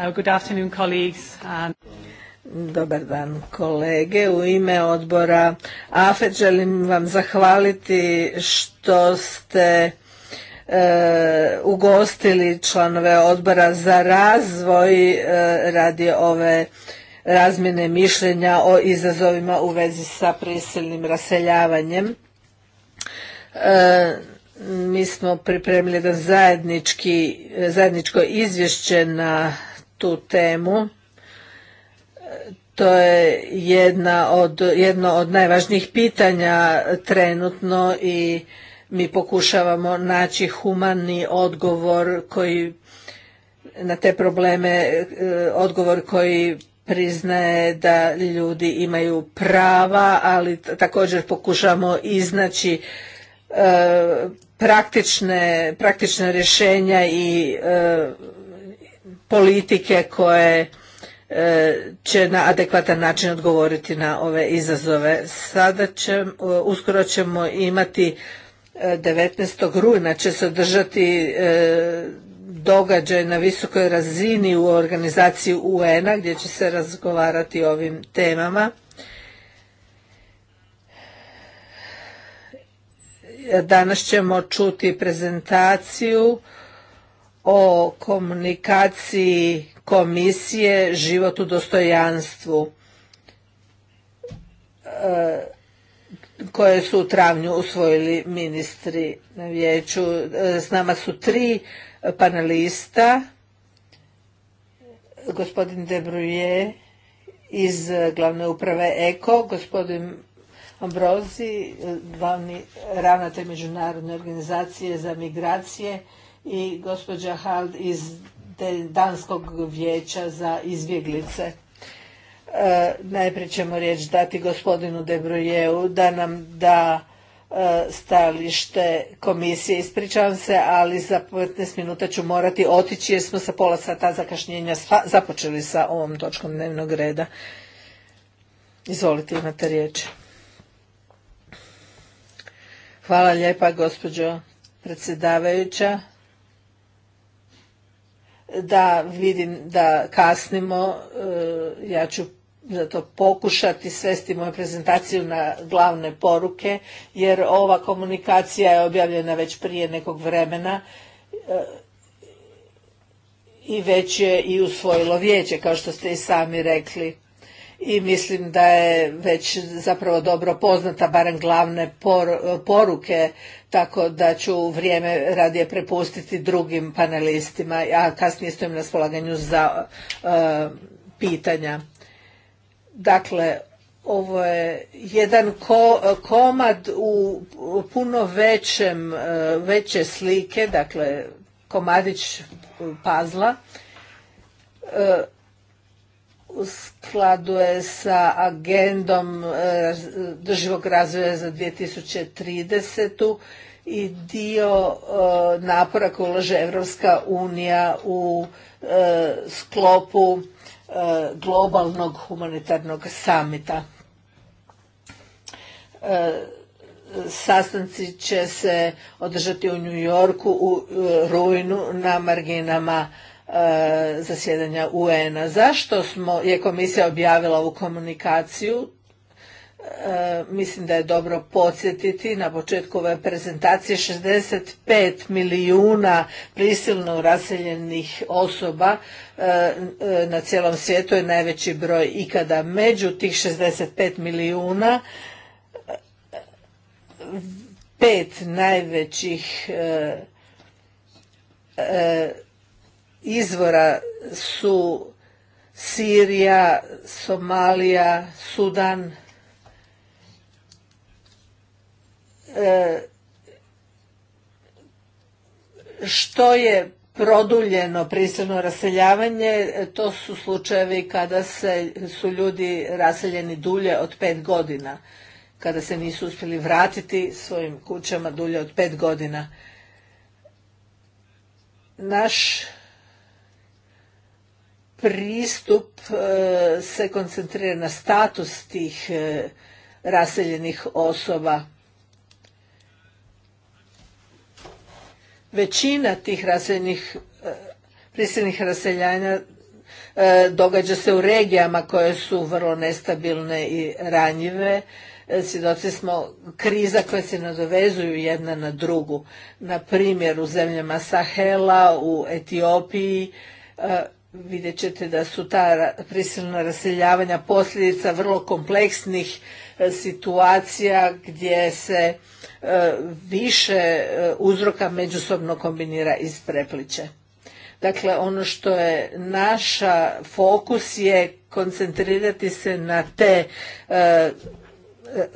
Uh, good Dobar dan kolege. U ime odbora AFET želim vam zahvaliti što ste uh, ugostili članove odbora za razvoj uh, radi ove razmjene mišljenja o izazovima u vezi sa prisilnim raseljavanjem. mi smo pripremili da zajedničko izvješće na tu temu. E, to je jedna od, jedno od najvažnijih pitanja trenutno i mi pokušavamo naći humani odgovor koji na te probleme, e, odgovor koji priznaje da ljudi imaju prava, ali također pokušamo iznaći e, praktične, praktične rješenja i politike koje e, će na adekvatan način odgovoriti na ove izazove. Sada će, e, uskoro ćemo imati 19. E, rujna će se održati događaj na visokoj razini u organizaciji UN-a gdje će se razgovarati o ovim temama. Danas ćemo čuti prezentaciju o komunikaciji komisije život u dostojanstvu e, koje su u travnju usvojili ministri na vijeću. E, s nama su tri panelista. Gospodin Debruje iz glavne uprave EKO, gospodin Ambrozi, glavni ravnatelj Međunarodne organizacije za migracije i gospođa Hald iz Danskog vijeća za izbjeglice. E, najprije ćemo riječ dati gospodinu Debrujevu da nam da stalište stajalište komisije. Ispričavam se, ali za 15 minuta ću morati otići jer smo sa pola sata zakašnjenja započeli sa ovom točkom dnevnog reda. Izvolite, imate riječ. Hvala lijepa, gospođo predsjedavajuća da vidim da kasnimo. E, ja ću zato pokušati svesti moju prezentaciju na glavne poruke, jer ova komunikacija je objavljena već prije nekog vremena e, i već je i usvojilo vijeće, kao što ste i sami rekli i mislim da je već zapravo dobro poznata barem glavne poruke tako da ću vrijeme radije prepustiti drugim panelistima a kasnije stojim na spolaganju za e, pitanja. Dakle, ovo je jedan komad u puno većem, e, veće slike, dakle komadić e, pazla u skladu je sa agendom e, drživog razvoja za 2030. i dio e, napora koje ulaže Evropska unija u e, sklopu globalnog humanitarnog samita. Sastanci će se održati u New Yorku u rujnu na marginama E, zasjedanja UN-a. Zašto smo, je komisija objavila ovu komunikaciju? E, mislim da je dobro podsjetiti na početku ove prezentacije 65 milijuna prisilno raseljenih osoba e, na cijelom svijetu je najveći broj ikada. Među tih 65 milijuna pet najvećih izvora su Sirija, Somalija, Sudan. E, što je produljeno prisilno raseljavanje, to su slučajevi kada se, su ljudi raseljeni dulje od pet godina, kada se nisu uspjeli vratiti svojim kućama dulje od pet godina. Naš pristup e, se koncentrira na status tih e, raseljenih osoba. Većina tih raseljenih, e, prisilnih raseljanja događa se u regijama koje su vrlo nestabilne i ranjive. Svjedoci smo kriza koje se nadovezuju jedna na drugu. Na primjer u zemljama Sahela, u Etiopiji vidjet ćete da su ta prisilna raseljavanja posljedica vrlo kompleksnih e, situacija gdje se e, više e, uzroka međusobno kombinira iz prepliče. Dakle, ono što je naša fokus je koncentrirati se na te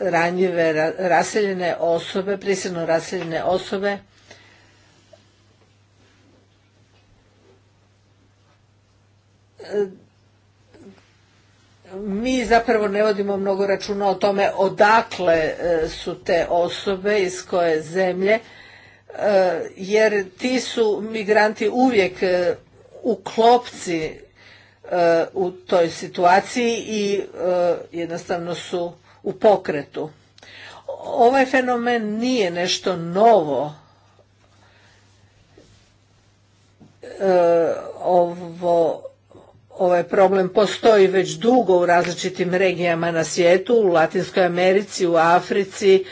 ranjive raseljene osobe, prisilno raseljene osobe, mi zapravo ne vodimo mnogo računa o tome odakle e, su te osobe iz koje zemlje e, jer ti su migranti uvijek e, u klopci u toj situaciji i jednostavno su u pokretu. Ovaj fenomen nije nešto novo. Ovo ovaj problem postoji već dugo u različitim regijama na svijetu, u Latinskoj Americi, u Africi,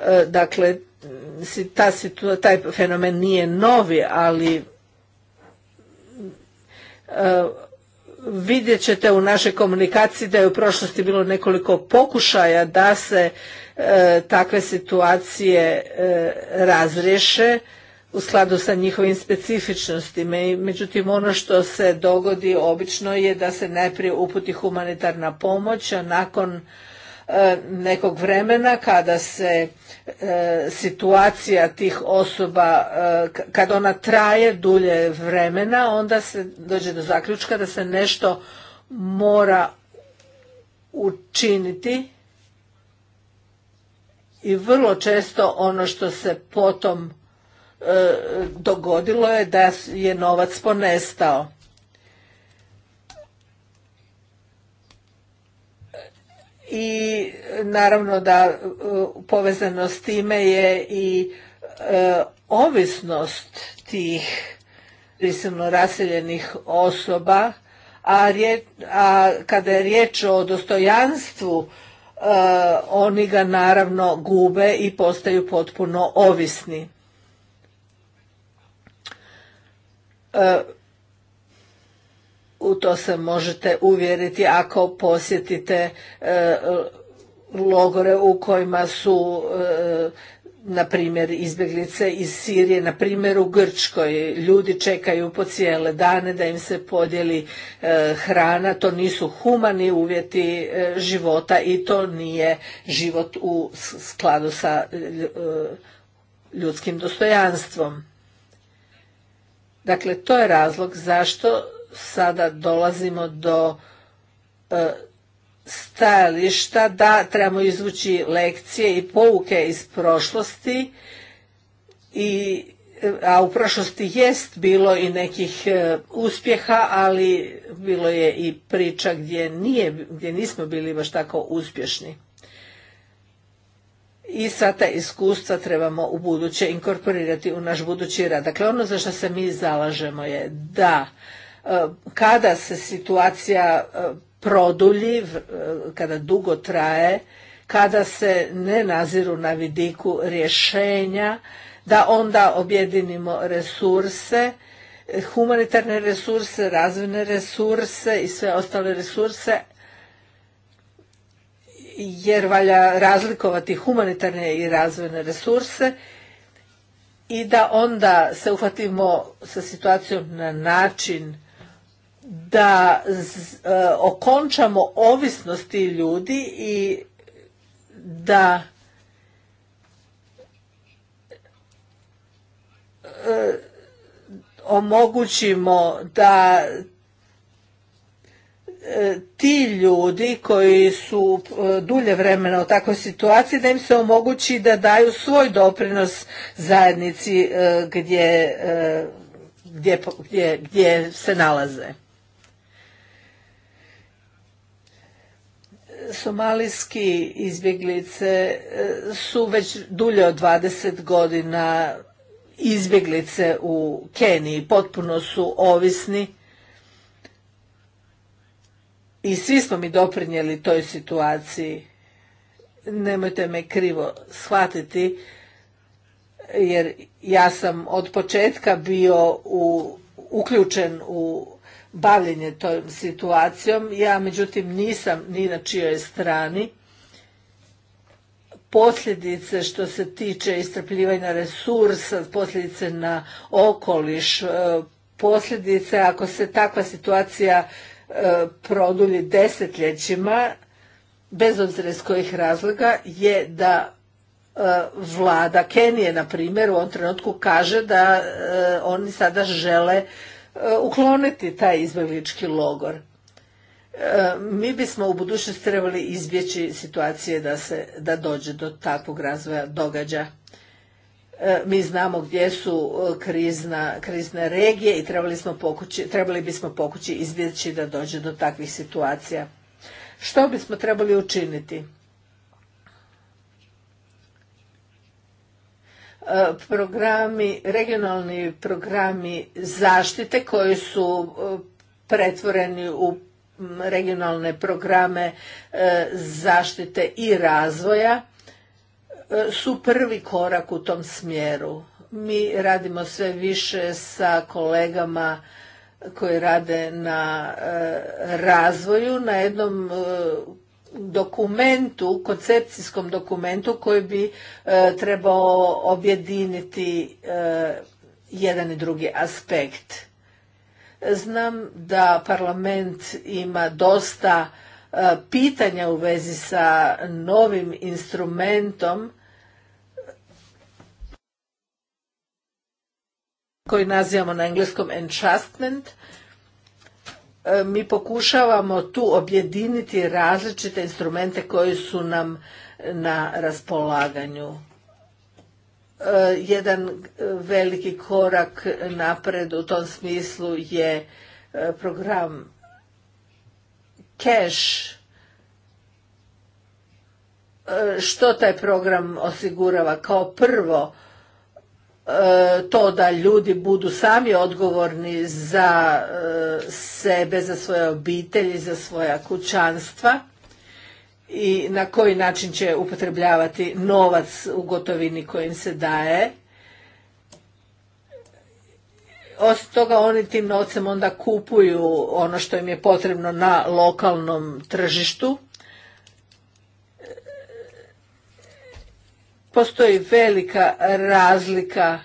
e, dakle ta, taj fenomen nije novi, ali e, vidjet ćete u našoj komunikaciji da je u prošlosti bilo nekoliko pokušaja da se e, takve situacije razriješe u skladu sa njihovim specifičnostima. Međutim, ono što se dogodi obično je da se najprije uputi humanitarna pomoć, a nakon e, nekog vremena kada se e, situacija tih osoba e, kada ona traje dulje vremena onda se dođe do zaključka da se nešto mora učiniti i vrlo često ono što se potom E, dogodilo je da je novac ponestao. I naravno da e, povezano s time je i e, ovisnost tih prisilno raseljenih osoba, a, kada je riječ o dostojanstvu oni ga naravno gube i postaju potpuno ovisni. E, u to se možete uvjeriti ako posjetite e, logore u kojima su e, na primjer izbjeglice iz Sirije, na primjer u Grčkoj. Ljudi čekaju po cijele dane da im se podijeli hrana, to nisu humani uvjeti života i to nije život u skladu sa ljudskim dostojanstvom. Dakle, to je razlog zašto sada dolazimo do e, stajališta da trebamo izvući lekcije i pouke iz prošlosti i a u prošlosti jest bilo i nekih e, uspjeha, ali bilo je i priča gdje, gdje nismo bili baš tako uspješni i sva ta iskustva trebamo u buduće inkorporirati u naš budući rad. Dakle, ono za što se mi zalažemo je da e, kada se situacija e, produlji, e, kada dugo traje, kada se ne naziru na vidiku rješenja, da onda objedinimo resurse, humanitarne resurse, razvojne resurse i sve ostale resurse jer valja razlikovati humanitarne i razvojne resurse i da onda se uhvatimo sa situacijom na način da e, okončamo ovisnosti ljudi i da e, omogućimo da E, ti ljudi koji su e, dulje vremena u takvoj situaciji da im se omogući da daju svoj doprinos zajednici e, gdje, gdje, se nalaze. Somalijski izbjeglice su već dulje od 20 godina izbjeglice u Keniji, potpuno su ovisni i svi smo mi doprinijeli toj situaciji. Nemojte me krivo shvatiti, jer ja sam od početka bio u, uključen u bavljenje tom situacijom. Ja međutim nisam ni na čijoj strani. Posljedice što se tiče istrpljivanja resursa, posljedice na okoliš, e, posljedice ako se takva situacija produlji desetljećima, bez obzira iz kojih razloga, je da e, vlada Kenije, na primjer, u ovom trenutku kaže da e, oni sada žele e, ukloniti taj izbjeglički logor. Mi bismo u budućnosti trebali izbjeći situacije da, se, da dođe do takvog razvoja događa. E, mi znamo gdje su e, krizna, krizne regije i trebali, smo pokući, trebali bismo pokući izbjeći da dođe do takvih situacija. Što bismo trebali učiniti? E, programi, regionalni programi zaštite koji su pretvoreni u regionalne programe zaštite i razvoja E, su prvi korak u tom smjeru. Mi radimo sve više sa kolegama koji rade na e, razvoju, na jednom e, dokumentu, koncepcijskom dokumentu koji bi trebao objediniti jedan i drugi aspekt. Znam da parlament ima dosta pitanja u vezi sa novim instrumentom koji nazivamo na engleskom entrustment, e, mi pokušavamo tu objediniti različite instrumente koji su nam na raspolaganju. E, jedan veliki korak napred u tom smislu je e, program Cash. Što taj program osigurava? Kao prvo, E, to da ljudi budu sami odgovorni za e, sebe, za svoje obitelji, za svoja kućanstva i na koji način će upotrebljavati novac u gotovini kojim se daje. Osim toga oni tim novcem onda kupuju ono što im je potrebno na lokalnom tržištu postoji velika razlika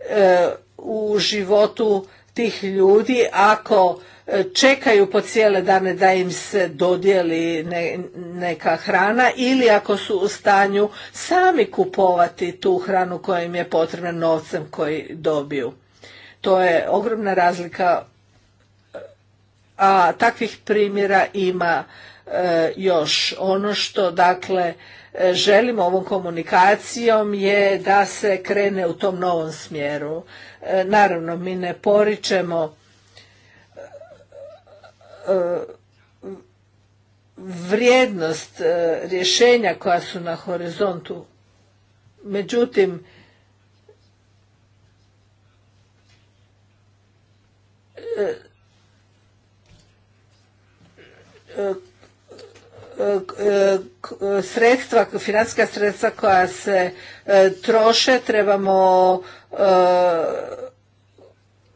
e, u životu tih ljudi ako e, čekaju po cijele dane da im se dodijeli neka hrana ili ako su u stanju sami kupovati tu hranu koja im je potrebna novcem koji dobiju. To je ogromna razlika, e, a takvih primjera ima još. Ono što dakle E, želimo ovom komunikacijom je da se krene u tom novom smjeru. E, naravno, mi ne poričemo e, vrijednost rješenja koja su na horizontu. Međutim, E, sredstva, financijska sredstva koja se e, troše trebamo e,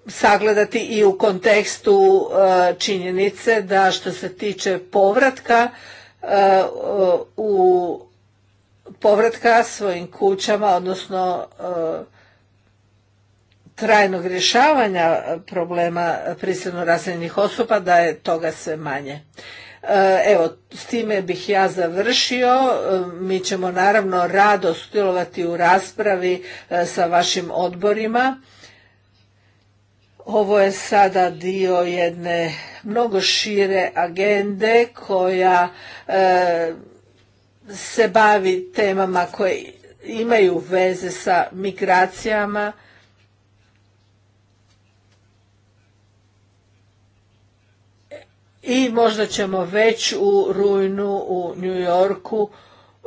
sagledati i u kontekstu činjenice da što se tiče povratka u povratka svojim kućama, odnosno trajnog rješavanja problema prisilno raseljenih osoba, da je toga sve manje. E, evo, s time bih ja završio. E, mi ćemo naravno rado sudjelovati u raspravi e, sa vašim odborima. Ovo je sada dio jedne mnogo šire agende koja se bavi temama koje imaju veze sa migracijama i možda ćemo već u rujnu u New Yorku e,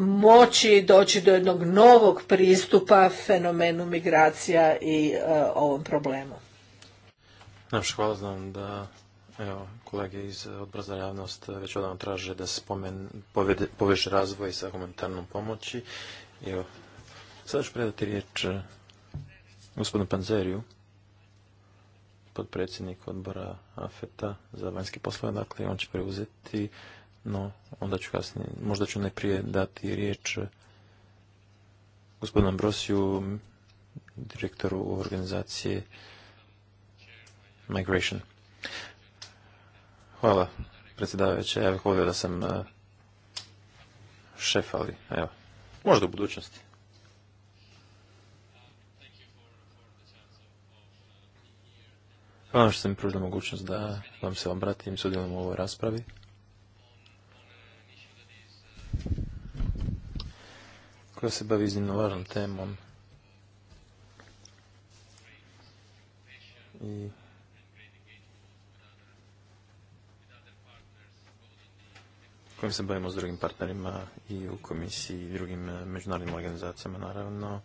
moći doći do jednog novog pristupa fenomenu migracija i e, ovom problemu. Naš hvala znam da evo, kolege iz odbora za javnost već odavno traže da se spomen, poveže razvoj sa humanitarnom pomoći. Evo, sada ću predati riječ e, gospodinu Panzeriju potpredsjednik odbora AFETA za vanjske poslove, dakle on će preuzeti, no onda ću kasnije, možda ću najprije dati riječ gospodinu Ambrosiju, direktoru organizacije Migration. Hvala, predsjedavajuća. Ja bih volio da sam eh, šef, ali evo, možda u budućnosti. Hvala što sam mi mogućnost da vam se obratim i sudjelujem u ovoj raspravi. koja se bavi iznimno važnom temom. I kojim se bavimo s drugim partnerima i u komisiji i drugim e, međunarodnim organizacijama naravno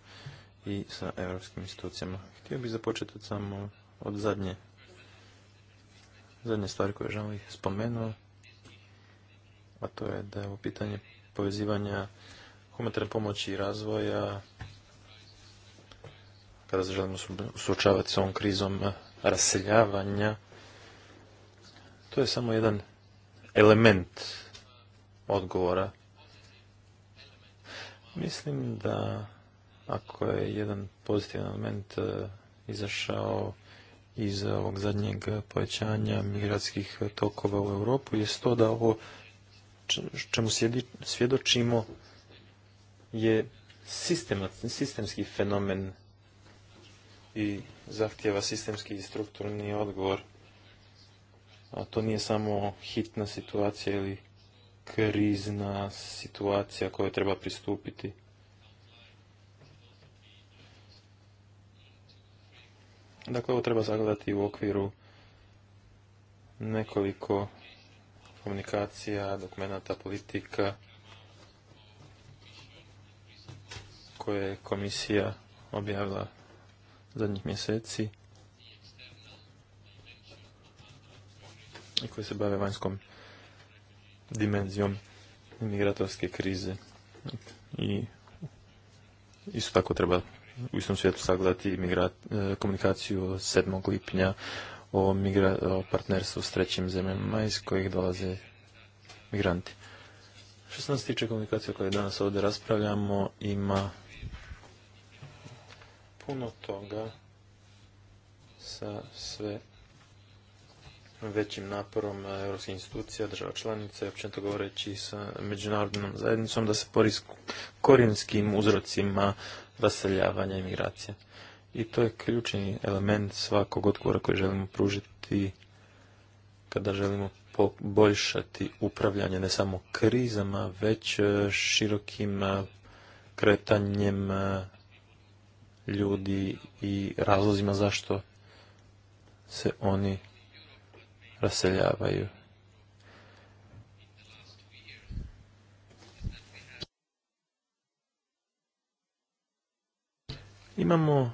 i sa europskim institucijama. Htio bih započeti samo od zadnje zadnja stvar koju želim spomenuo, a to je da je u pitanje povezivanja humanitarne pomoći i razvoja kada se želimo suočavati s ovom krizom eh, raseljavanja, to je samo jedan element odgovora. Mislim da ako je jedan pozitivan element eh, izašao iz ovog zadnjeg povećanja migracijskih tokova u Europu je to da ovo čemu svjedočimo je sistemski fenomen i zahtjeva sistemski i strukturni odgovor. A to nije samo hitna situacija ili krizna situacija kojoj treba pristupiti. Dakle, ovo treba zagledati u okviru nekoliko komunikacija, dokumenta, politika koje je komisija objavila zadnjih mjeseci i koje se bave vanjskom dimenzijom migratorske krize i isto tako treba u istom svijetu sagledati e, komunikaciju 7. lipnja o, partnerstvu s trećim zemljama iz kojih dolaze migranti. Što se nas tiče komunikacije koje danas ovdje raspravljamo, ima puno toga sa sve većim naporom europskih institucija, država članica i općenito govoreći sa međunarodnom zajednicom da se porisku korijenskim uzrocima raseljavanja i migracija. I to je ključni element svakog odgovora koji želimo pružiti kada želimo poboljšati upravljanje ne samo krizama, već e, širokim e, kretanjem e, ljudi i razlozima zašto se oni raseljavaju. Imamo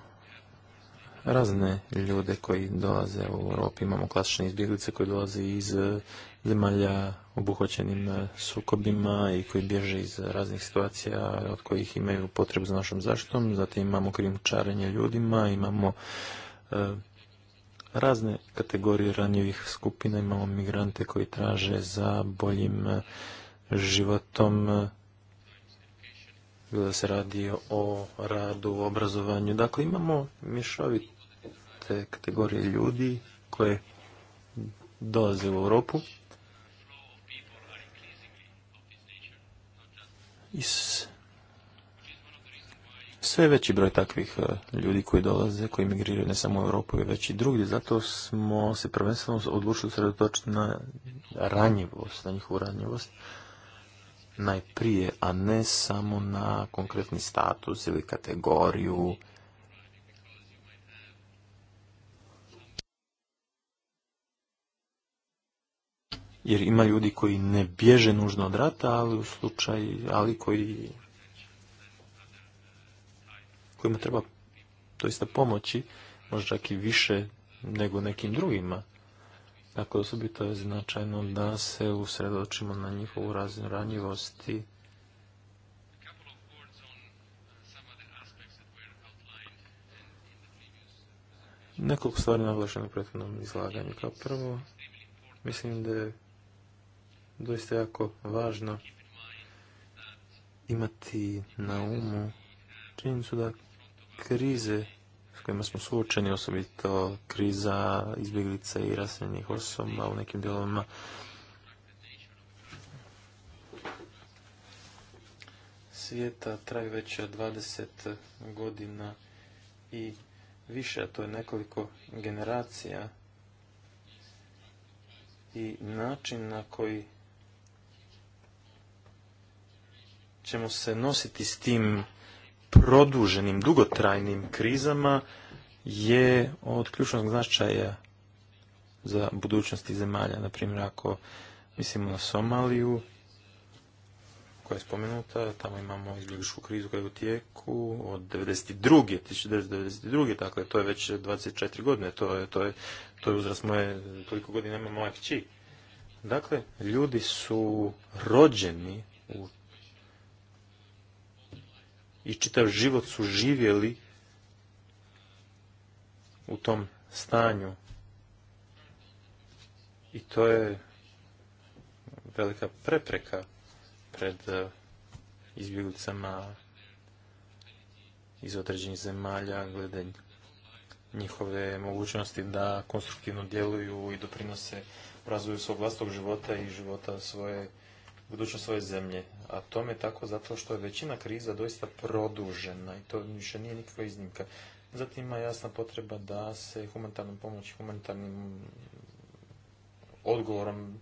razne ljude koji dolaze u Europi. Imamo klasične izbjeglice koji dolaze iz eh, zemalja obuhvaćenim eh, sukobima i koji bježe iz raznih situacija od kojih imaju potrebu za našom zaštitom. Zatim imamo krimčarenje ljudima, imamo eh, razne kategorije ranjivih skupina, imamo migrante koji traže za boljim životom bilo da se radi o radu, o obrazovanju. Dakle, imamo mješovite kategorije ljudi koje dolaze u Europu. I sve veći broj takvih e, ljudi koji dolaze, koji migriraju ne samo u Europu, već i drugdje. Zato smo se prvenstveno odlučili sredotočiti na ranjivost, na njihovu ranjivost najprije, a ne samo na konkretni status ili kategoriju. Jer ima ljudi koji ne bježe nužno od rata, ali u slučaju, ali koji kojima treba doista pomoći, možda čak i više nego nekim drugima. Dakle, osobito je značajno da se usredočimo na njihovu razinu ranjivosti. Nekoliko stvari naglašeno u prethodnom izlaganju. Kao prvo, mislim da je doista jako važno imati na umu činjenicu da krize s kojima smo suočeni, osobito kriza izbjeglica i raseljenih osoba u nekim dijelovima svijeta traje već 20 godina i više, a to je nekoliko generacija i način na koji ćemo se nositi s tim produženim, dugotrajnim krizama je od ključnog značaja za budućnosti zemalja. Na ako mislimo na Somaliju, koja je spomenuta, tamo imamo izbjegličku krizu koja je u tijeku od 92. 1992. Dakle, to je već 24 godine, to je, to je, to je uzrast moje, toliko godina imamo moja Dakle, ljudi su rođeni u i čitav život su živjeli u tom stanju. I to je velika prepreka pred eh, izbjeglicama iz određenih zemalja glede njihove mogućnosti da konstruktivno djeluju i doprinose razvoju svog vlastnog života i života svoje budućnost svoje zemlje. A tome je tako zato što je većina kriza doista produžena i to više nije nikakva iznimka. Zatim ima jasna potreba da se humanitarnom pomoći, humanitarnim odgovorom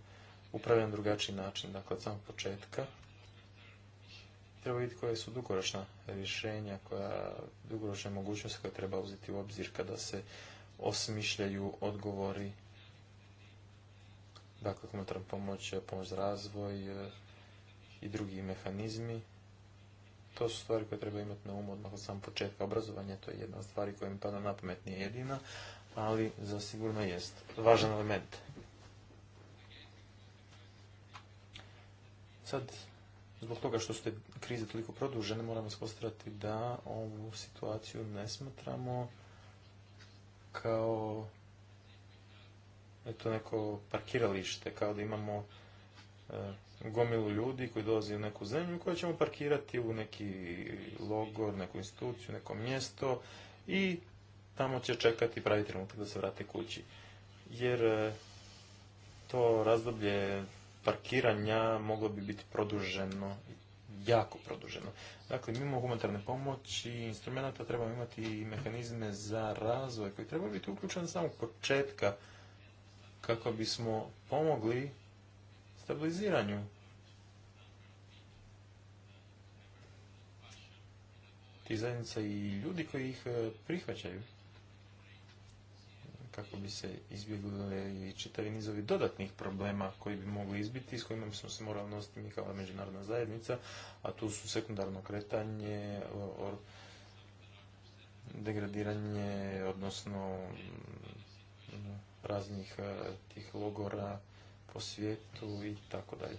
upravlja na drugačiji način. Dakle, od samog početka treba vidjeti koje su dugoročna rješenja, koja dugoročne mogućnosti koje treba uzeti u obzir kada se osmišljaju odgovori dakle humanitarna pomoć, e, pomoć za razvoj e, i drugi mehanizmi. To su stvari koje treba imati na umu odmah od samog početka obrazovanja, to je jedna od stvari koja mi pada na pamet, nije jedina, ali zasigurno jest važan element. Sad, zbog toga što ste krize toliko produžene, moramo skonstatirati da ovu situaciju ne smatramo kao eto neko parkiralište, kao da imamo e, gomilu ljudi koji dolaze u neku zemlju koju ćemo parkirati u neki logor, neku instituciju, neko mjesto i tamo će čekati pravi trenutak da se vrate kući. Jer e, to razdoblje parkiranja moglo bi biti produženo, jako produženo. Dakle, mimo humanitarne pomoći i instrumenta trebamo imati i mehanizme za razvoj koji treba biti uključeni samo samog početka kako bismo pomogli stabiliziranju tih zajednica i ljudi koji ih e, prihvaćaju kako bi se izbjegle i čitavi nizovi dodatnih problema koji bi mogli izbiti s kojima smo se morali nositi mi kao međunarodna zajednica, a tu su sekundarno kretanje, degradiranje, odnosno raznih e, tih logora po svijetu i tako dalje.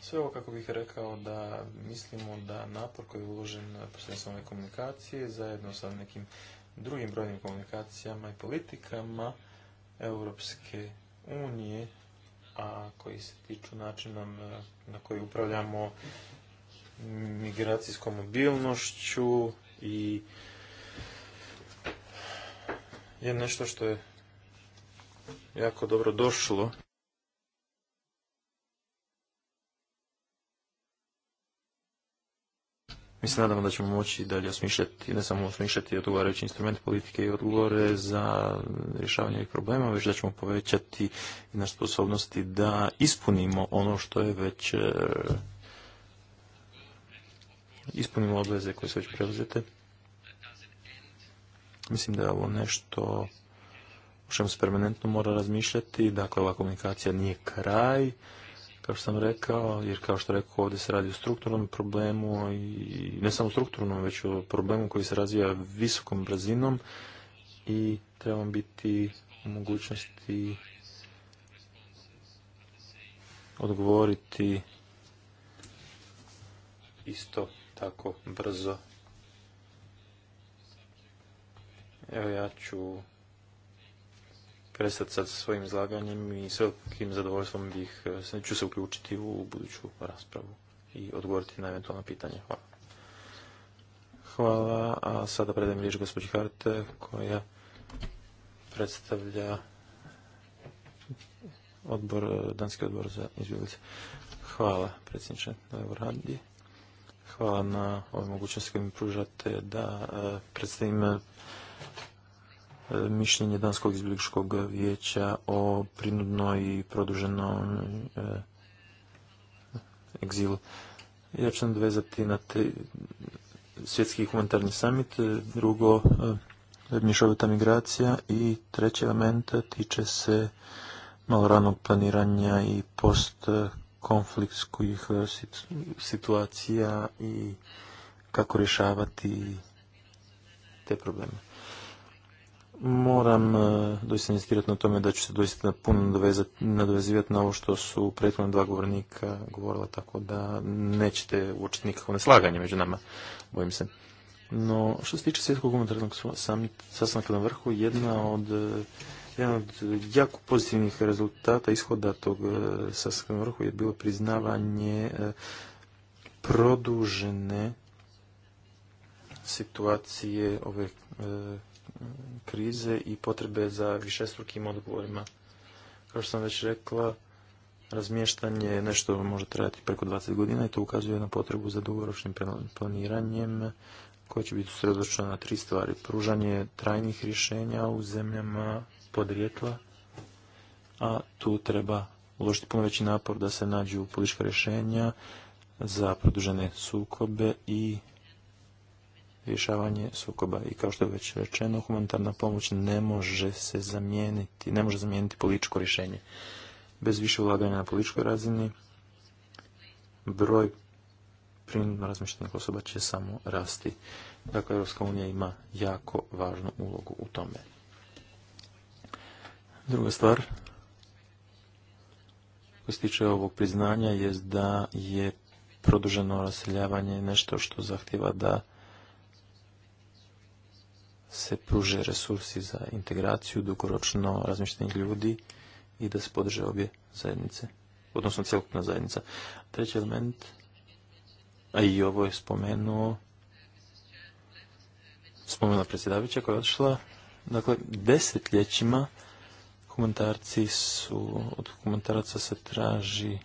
Sve ovo kako bih rekao da mislimo da napor koji je uložen u ove komunikacije zajedno sa nekim drugim brojnim komunikacijama i politikama Europske unije, a koji se tiču načina e, na koji upravljamo migracijskom mobilnošću i je nešto što je jako dobro došlo. Mi se nadamo da ćemo moći dalje osmišljati, ne samo osmišljati odgovarajući instrument politike i odgovore za rješavanje ovih problema, već da ćemo povećati naše sposobnosti da ispunimo ono što je već e, ispunimo obveze koje su već preuzete. Mislim da je ovo nešto o čemu se permanentno mora razmišljati. Dakle, ova komunikacija nije kraj, kao što sam rekao, jer kao što rekao, ovdje se radi o strukturnom problemu i ne samo strukturnom, već o problemu koji se razvija visokom brzinom i trebamo biti u mogućnosti odgovoriti isto tako brzo Evo ja ću prestati sa svojim izlaganjem i s velikim zadovoljstvom bih, e, ću se uključiti u buduću raspravu i odgovoriti na eventualna pitanja. Hvala. Hvala, a sada predajem riječ gospođi Harte koja predstavlja odbor, e, Danski odbor za izbjeglice. Hvala predsjedniče radi. Hvala na ovoj mogućnosti mi pružate da e, predstavim mišljenje Danskog izbjegličkog vijeća o prinudnoj i produženom e, egzilu. Ja ću sam na svjetski humanitarni summit, e, drugo e, mješovita migracija i treći element tiče se malo ranog planiranja i postkonfliktskih situacija i kako rješavati te probleme. Moram e, doista insistirati na tome da ću se doista puno nadovezivati na ovo što su prethodno dva govornika govorila, tako da nećete uočiti nikakvo neslaganje među nama, bojim se. No, što se tiče svjetskog humanitarnog sastanka na vrhu, jedna od, e, jedan od jako pozitivnih rezultata ishoda tog e, sastanka na vrhu je bilo priznavanje produžene situacije ove krize i potrebe za višestrukim odgovorima. Kao što sam već rekla, razmještanje nešto može trajati preko 20 godina i to ukazuje na potrebu za dugoročnim planiranjem koje će biti sredočno na tri stvari. Pružanje trajnih rješenja u zemljama podrijetla, a tu treba uložiti puno veći napor da se nađu politička rješenja za produžene sukobe i rješavanje sukoba. I kao što je već rečeno, humanitarna pomoć ne može se zamijeniti, ne može zamijeniti političko rješenje. Bez više ulaganja na političkoj razini, broj primjerno razmišljenih osoba će samo rasti. Dakle, Europska unija ima jako važnu ulogu u tome. Druga stvar, što se tiče ovog priznanja, je da je produženo raseljavanje nešto što zahtjeva da se pruže resursi za integraciju dugoročno razmišljenih ljudi i da se podrže obje zajednice, odnosno cjelokupna zajednica. Treći element, a i ovo je spomenuo, spomenula predsjedavića koja je odšla, dakle desetljećima komentarci su, od komentaraca se traži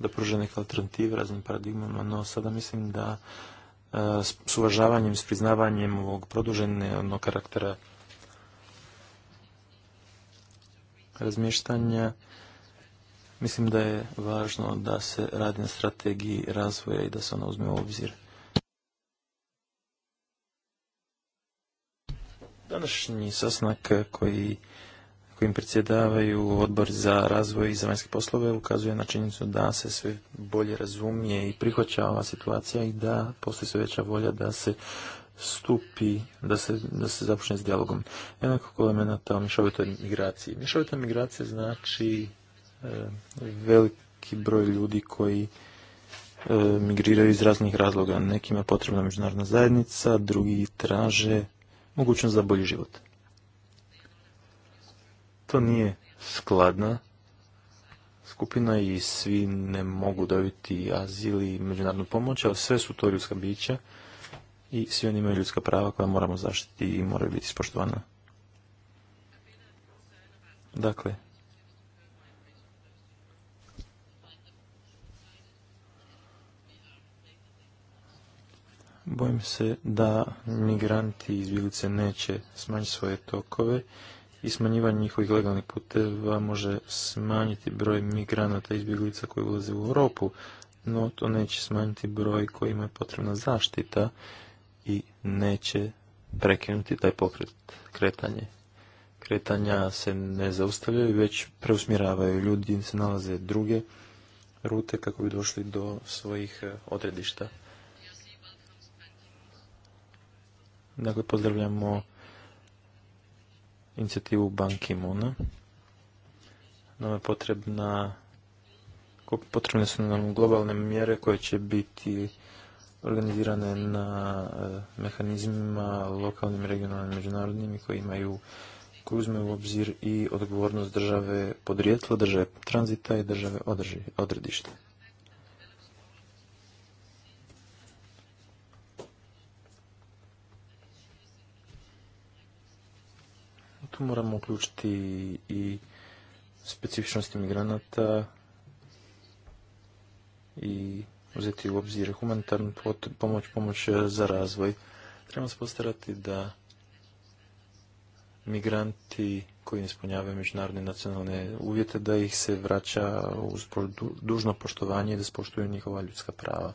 da pruže neke alternative raznim paradigmama, no sada mislim da e, s uvažavanjem, s priznavanjem ovog produženog karaktera razmještanja, mislim da je važno da se radi na strategiji razvoja i da se ona uzme u obzir. Današnji sasnak koji kojim predsjedavaju odbor za razvoj i za vanjske poslove ukazuje na činjenicu da se sve bolje razumije i prihvaća ova situacija i da postoji sve veća volja da se stupi, da se, da se započne s dijalogom. Jednako kod elemenata o mišovitoj migraciji. Mišovita migracija znači e, veliki broj ljudi koji e, migriraju iz raznih razloga. Nekima je potrebna međunarodna zajednica, drugi traže mogućnost za bolji život to nije skladna skupina i svi ne mogu dobiti azil i međunarodnu pomoć, ali sve su to ljudska bića i svi oni imaju ljudska prava koja moramo zaštiti i moraju biti ispoštovana. Dakle, bojim se da migranti iz Vilice neće smanjiti svoje tokove i smanjivanje njihovih legalnih puteva može smanjiti broj migranata i izbjeglica koji ulaze u Europu, no to neće smanjiti broj kojima je potrebna zaštita i neće prekinuti taj pokret kretanje. Kretanja se ne zaustavljaju, već preusmjeravaju. Ljudi se nalaze druge rute kako bi došli do svojih e, odredišta. Dakle, pozdravljamo inicijativu Banki Muna. Nam je potrebna, potrebne su nam globalne mjere koje će biti organizirane na e, mehanizmima lokalnim, regionalnim, međunarodnim i koji imaju koji uzme u obzir i odgovornost države podrijetla, države tranzita i države odredišta. Tu moramo uključiti i specifičnosti migranata i uzeti u obzir humanitarnu pomoć, pomoć e, za razvoj. Trebamo se postarati da migranti koji ne ispunjavaju međunarodne nacionalne uvjete, da ih se vraća uz dužno poštovanje i da se poštuju njihova ljudska prava.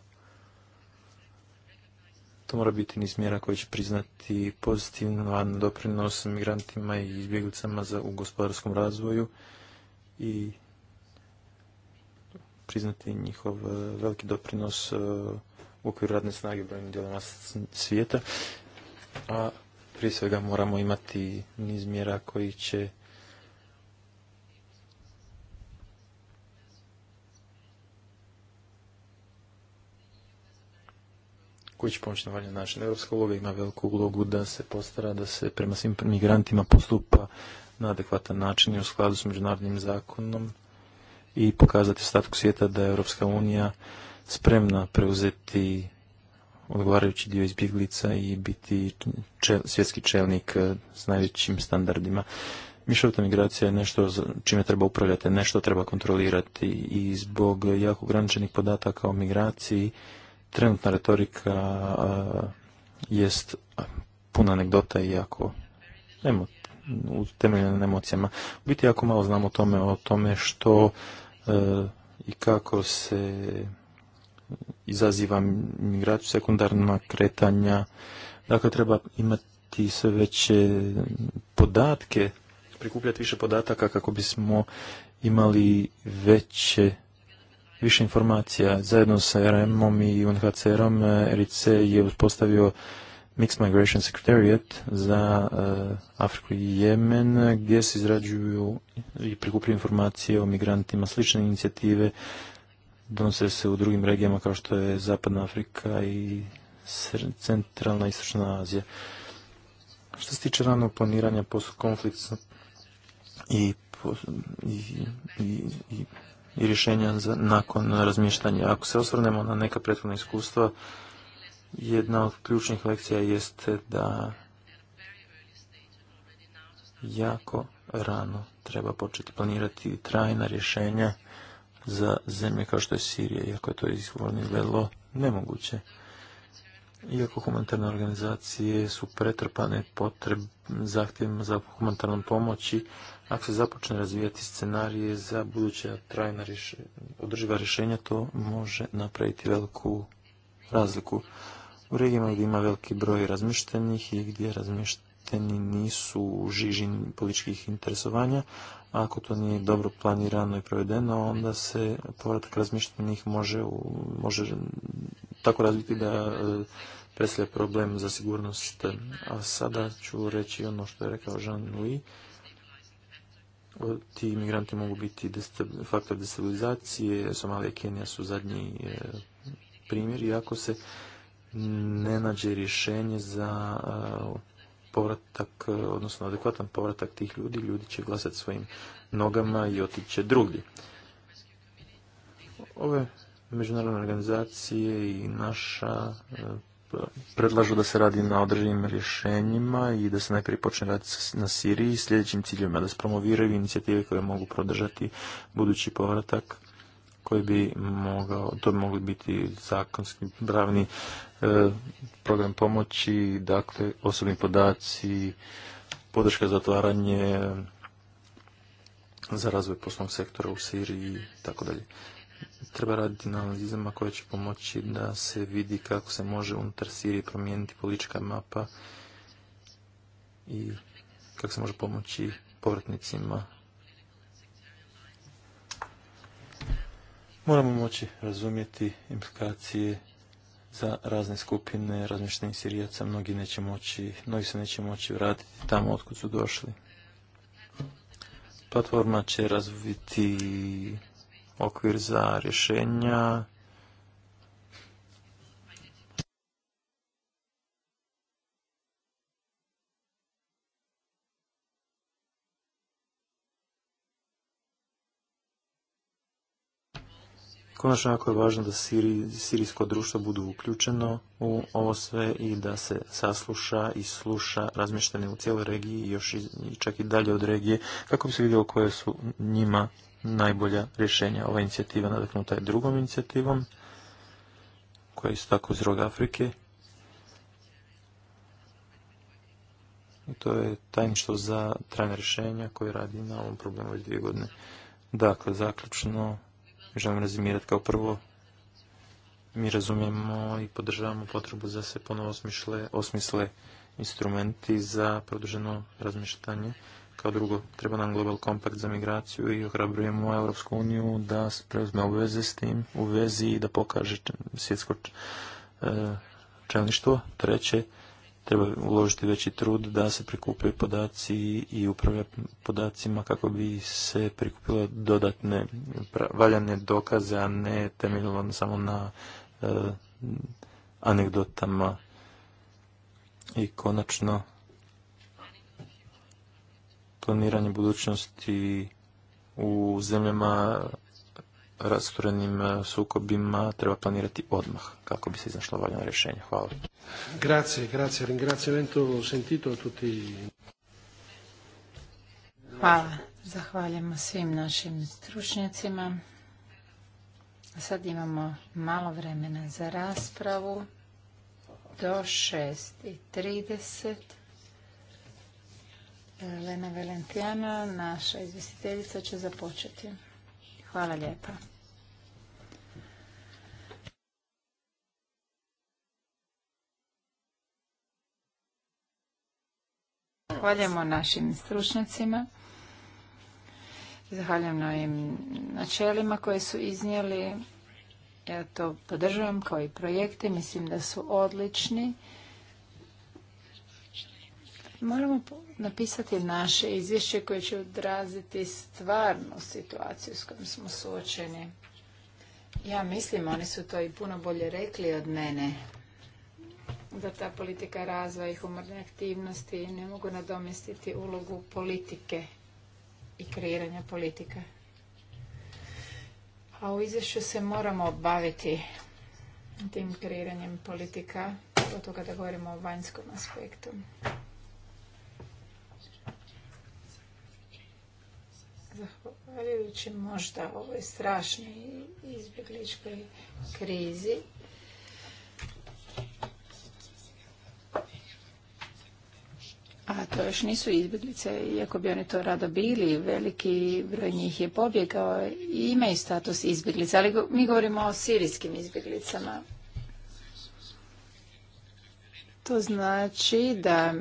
To mora biti niz mjera koji će priznati pozitivan doprinos migrantima i izbjeglicama za, u gospodarskom razvoju i priznati njihov e, veliki doprinos e, u okviru radne snage u brojnim dijelama svijeta. A prije svega moramo imati niz mjera koji će koji će pomoći na valjan način. Europska uloga ima veliku ulogu da se postara da se prema svim migrantima postupa na adekvatan način i u skladu s međunarodnim zakonom i pokazati statku svijeta da je Europska unija spremna preuzeti odgovarajući dio izbjeglica i biti svjetski čelnik eh, s najvećim standardima. Mišovita migracija je nešto čime treba upravljati, nešto treba kontrolirati i zbog jako ograničenih podataka o migraciji trenutna retorika jest puna anegdota i jako emo, temeljenim emocijama. U biti jako malo znamo o tome, o tome što e, i kako se izaziva migraciju sekundarna kretanja. Dakle, treba imati sve veće podatke, prikupljati više podataka kako bismo imali veće više informacija. Zajedno sa RM-om i UNHCR-om eh, RIC je uspostavio Mixed Migration Secretariat za eh, Afriku i Jemen gdje se izrađuju i prikupljaju informacije o migrantima. Slične inicijative donose se u drugim regijama kao što je Zapadna Afrika i Centralna i Istočna Azija. Što se tiče ranog planiranja poslu konflikta i, i i rješenja za, nakon razmišljanja. Ako se osvrnemo na neka prethodna iskustva, jedna od ključnih lekcija jeste da jako rano treba početi planirati trajna rješenja za zemlje kao što je Sirija, iako je to izgledalo nemoguće. Iako humanitarne organizacije su pretrpane potreb zahtjevima za humanitarnom pomoći, ako se započne razvijati scenarije za buduća trajna održiva rješenja, to može napraviti veliku razliku. U regijama gdje ima veliki broj razmištenih i gdje razmišteni nisu u žiži političkih interesovanja, ako to nije dobro planirano i provedeno, onda se povratak razmišljenih može, može tako razviti da e, predstavlja problem za sigurnost. A sada ću reći ono što je rekao Jean-Louis ti imigranti mogu biti faktor destabilizacije. Somalija i Kenija su zadnji e, primjer. I ako se ne nađe rješenje za e, povratak, e, odnosno adekvatan povratak tih ljudi, ljudi će glasati svojim nogama i otići će drugdje. Ove međunarodne organizacije i naša predlažu da se radi na određenim rješenjima i da se najprije počne raditi na Siriji sljedećim ciljima, da se promoviraju inicijative koje mogu prodržati budući povratak koji bi mogao, to bi mogli biti zakonski, pravni e, program pomoći, dakle osobni podaci, podrška za otvaranje za razvoj poslovnog sektora u Siriji i tako dalje treba raditi na analizama koje će pomoći da se vidi kako se može unutar Sirije promijeniti politička mapa i kako se može pomoći povratnicima. Moramo moći razumjeti implikacije za razne skupine razmišljenih Sirijaca. Mnogi neće moći, mnogi se neće moći vratiti tamo otkud su došli. Platforma će razviti okvir za rješenja Konačno, jako je važno da sirijsko društvo budu uključeno u ovo sve i da se sasluša i sluša razmještene u cijeloj regiji i, čak i dalje od regije, kako bi se vidjelo koje su njima najbolja rješenja. Ova inicijativa nadaknuta je drugom inicijativom, koja je isto tako iz Afrike. I to je tajništvo za trajne rješenja koje radi na ovom problemu već dvije godine. Dakle, zaključno, želim rezimirati kao prvo, mi razumijemo i podržavamo potrebu da se ponovo osmisle instrumenti za produženo razmišljanje kao drugo, treba nam global kompakt za migraciju i ohrabrujemo Europsku uniju da preuzme obveze s tim, u vezi i da pokaže svjetsko e, čelništvo. Treće, treba uložiti veći trud da se prikupaju podaci i upravlja podacima kako bi se prikupilo dodatne valjane dokaze, a ne temeljilo samo na e, anegdotama. I konačno, planiranje budućnosti u zemljama rasturenim e, sukobima treba planirati odmah kako bi se iznašlo valjano rješenje. Hvala. Grazie, grazie, sentito tutti. Hvala. Zahvaljujemo svim našim stručnjacima. Sad imamo malo vremena za raspravu do 6.30. Lena Valentijana, naša izvjestiteljica, će započeti. Hvala lijepa. Zahvaljujemo našim stručnjacima. Zahvaljujem na načelima koje su iznijeli. Ja to podržavam kao i projekte. Mislim da su odlični. Moramo napisati naše izvješće koje će odraziti stvarnu situaciju s kojom smo suočeni. Ja mislim, oni su to i puno bolje rekli od mene, da ta politika razvoja i humorne aktivnosti ne mogu nadomjestiti ulogu politike i kreiranja politika. A u izvješću se moramo baviti tim kreiranjem politika, od toga da govorimo o vanjskom aspektu. zahvaljujući možda ovoj strašnoj izbjegličkoj krizi, A to još nisu izbjeglice, iako bi oni to rado bili, veliki broj njih je pobjegao i imaju status izbjeglica, ali mi govorimo o sirijskim izbjeglicama. To znači da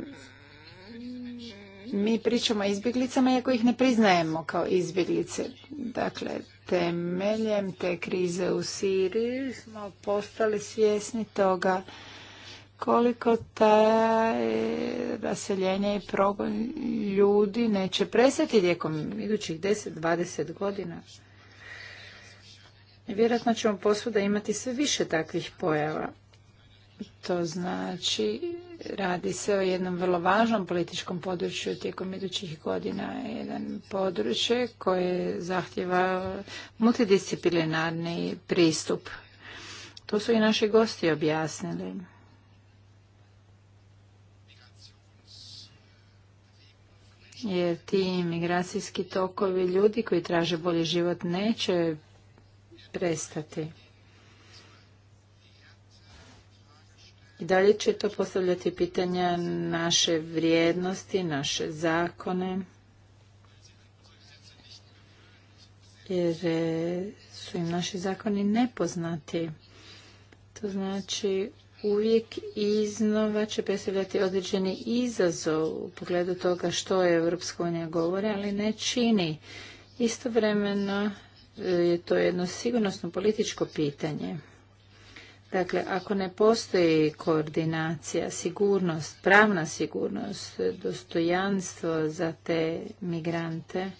mi pričamo o izbjeglicama iako ih ne priznajemo kao izbjeglice. Dakle, temeljem te krize u Siriji smo postali svjesni toga koliko ta raseljenje i progon ljudi neće prestati tijekom idućih 10-20 godina. Vjerojatno ćemo posvuda imati sve više takvih pojava. To znači radi se o jednom vrlo važnom političkom području tijekom idućih godina. Jedan područje koje zahtjeva multidisciplinarni pristup. To su i naši gosti objasnili. Jer ti migracijski tokovi ljudi koji traže bolji život neće prestati. I dalje će to postavljati pitanja naše vrijednosti, naše zakone, jer e, su im naši zakoni nepoznati. To znači uvijek iznova će predstavljati određeni izazov u pogledu toga što je Evropska unija govore, ali ne čini. Istovremeno e, je to jedno sigurnosno političko pitanje. Dakle, ako ne postoji koordinacija, sigurnost, pravna sigurnost, dostojanstvo za te migrante,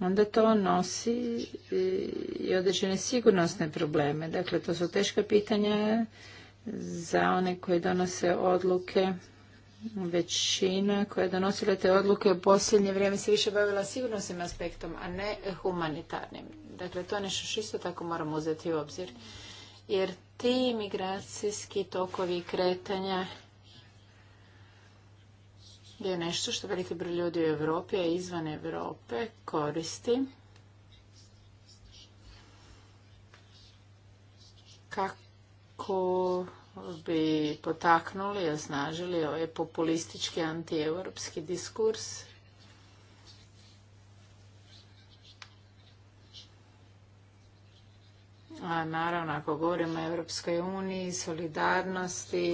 onda to nosi i određene sigurnosne probleme. Dakle, to su teška pitanja za one koji donose odluke. Većina koja je donosila te odluke u posljednje vrijeme se više bavila sigurnosnim aspektom, a ne humanitarnim. Dakle, to je nešto što isto tako moramo uzeti u obzir jer ti migracijski tokovi kretanja je nešto što veliki broj ljudi u Europi, a izvan Europe koristi kako bi potaknuli i osnažili ovaj populistički antieuropski diskurs naravno, ako govorimo o Europskoj uniji, solidarnosti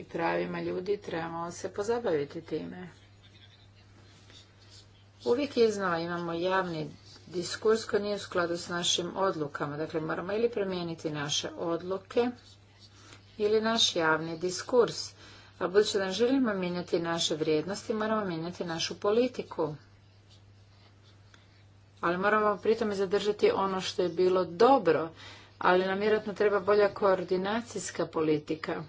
i pravima ljudi, trebamo se pozabaviti time. Uvijek iznova imamo javni diskurs koji nije u skladu s našim odlukama. Dakle, moramo ili promijeniti naše odluke ili naš javni diskurs. A budući da želimo mijenjati naše vrijednosti, moramo mijenjati našu politiku ali moramo pritome zadržati ono što je bilo dobro, ali nam vjerojatno treba bolja koordinacijska politika.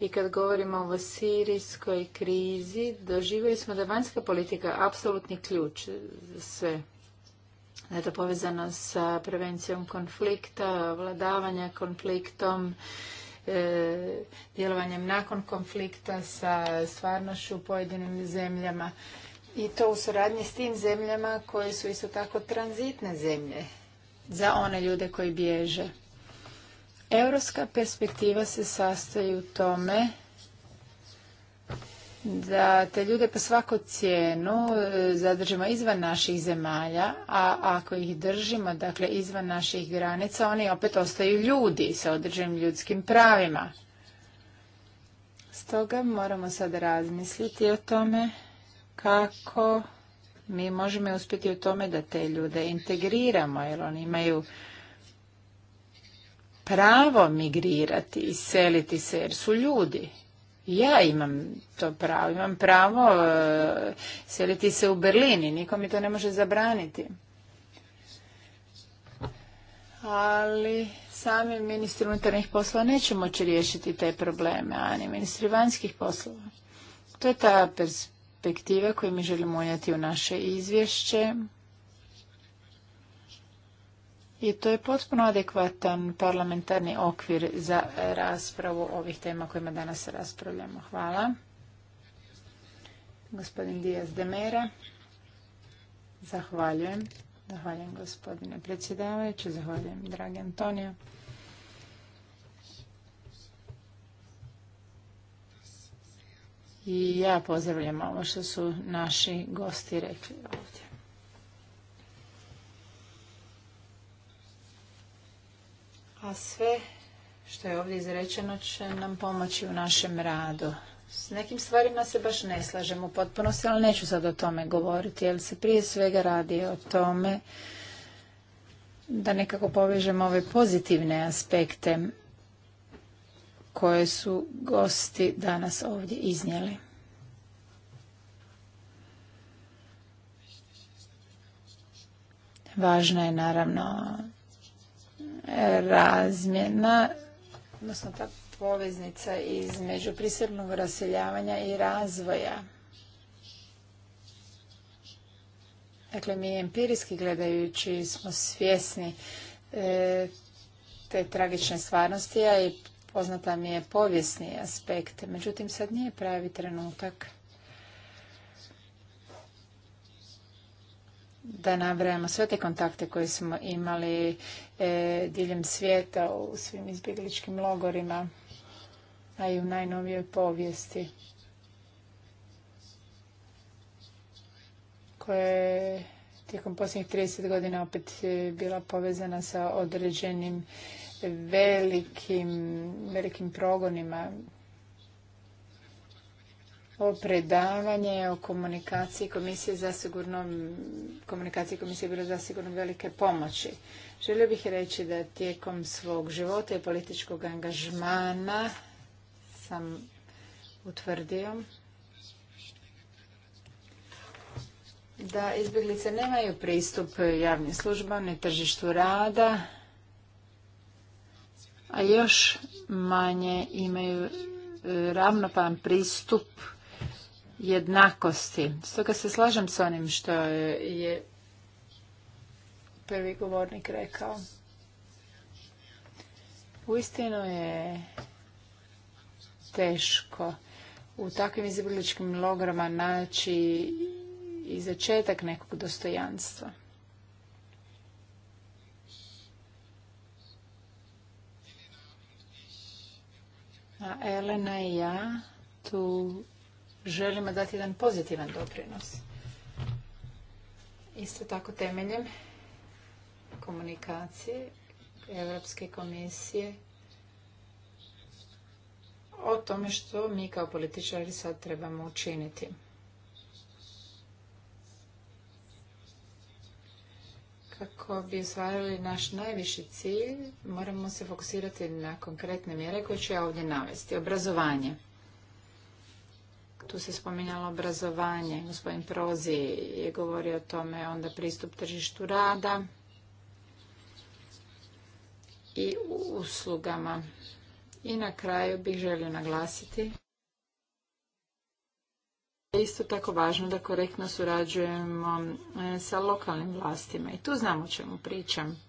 I kad govorimo o sirijskoj krizi, doživjeli smo da vanjska politika apsolutni ključ za sve. je to povezano sa prevencijom konflikta, vladavanja konfliktom, e, djelovanjem nakon konflikta sa stvarnošću u pojedinim zemljama i to u suradnji s tim zemljama koje su isto tako tranzitne zemlje za one ljude koji bježe. Europska perspektiva se sastoji u tome da te ljude po svaku cijenu e, zadržimo izvan naših zemalja, a ako ih držimo dakle izvan naših granica, oni opet ostaju ljudi sa određenim ljudskim pravima. Stoga moramo sad razmisliti o tome kako mi možemo uspjeti u tome da te ljude integriramo, jer oni imaju pravo migrirati, i seliti se, jer su ljudi. Ja imam to pravo, imam pravo e, seliti se u Berlini, niko mi to ne može zabraniti. Ali sami ministri unutarnjih poslova neće moći riješiti te probleme, ani ministri vanjskih poslova. To je ta perspektiva perspektive koje mi želimo unijeti u naše izvješće. I to je potpuno adekvatan parlamentarni okvir za raspravu ovih tema kojima danas raspravljamo. Hvala. Gospodin de Mera, Zahvaljujem. Zahvaljujem gospodine predsjedavajuće, Zahvaljujem dragi Antonija. i ja pozdravljam ovo što su naši gosti rekli ovdje. A sve što je ovdje izrečeno će nam pomoći u našem radu. S nekim stvarima se baš ne slažem u potpunosti, ali neću sad o tome govoriti, jer se prije svega radi o tome da nekako povežemo ove pozitivne aspekte koje su gosti danas ovdje iznijeli. Važna je naravno razmjena, odnosno ta poveznica između prisrednog raseljavanja i razvoja. Dakle, mi empirijski gledajući smo svjesni e, te tragične stvarnosti, a i poznata mi je povijesni aspekt, međutim sad nije pravi trenutak da nabrajamo sve te kontakte koje smo imali e, diljem svijeta u svim izbjegličkim logorima, a i u najnovijoj povijesti koja je tijekom posljednjih 30 godina opet e, bila povezana sa određenim velikim, velikim progonima o predavanje, o komunikaciji komisije zasigurno, komunikaciji komisije je bilo zasigurno velike pomoći. Želio bih reći da tijekom svog života i političkog angažmana sam utvrdio da izbjeglice nemaju pristup javnim službama, ni tržištu rada, a još manje imaju e, ravnopan pristup jednakosti. Stoga se slažem s onim što je prvi govornik rekao. Uistinu je teško u takvim izbjegličkim logorama naći i začetak nekog dostojanstva. Elena i ja tu želimo dati jedan pozitivan doprinos. Isto tako temeljem komunikacije Evropske komisije o tome što mi kao političari sad trebamo učiniti. kako bi ostvarili naš najviši cilj, moramo se fokusirati na konkretne mjere koje ću ja ovdje navesti. Obrazovanje. Tu se spominjalo obrazovanje. Gospodin Prozi je govorio o tome, onda pristup tržištu rada i uslugama. I na kraju bih želio naglasiti isto tako važno da korektno surađujemo e, sa lokalnim vlastima i tu znamo o čemu pričam.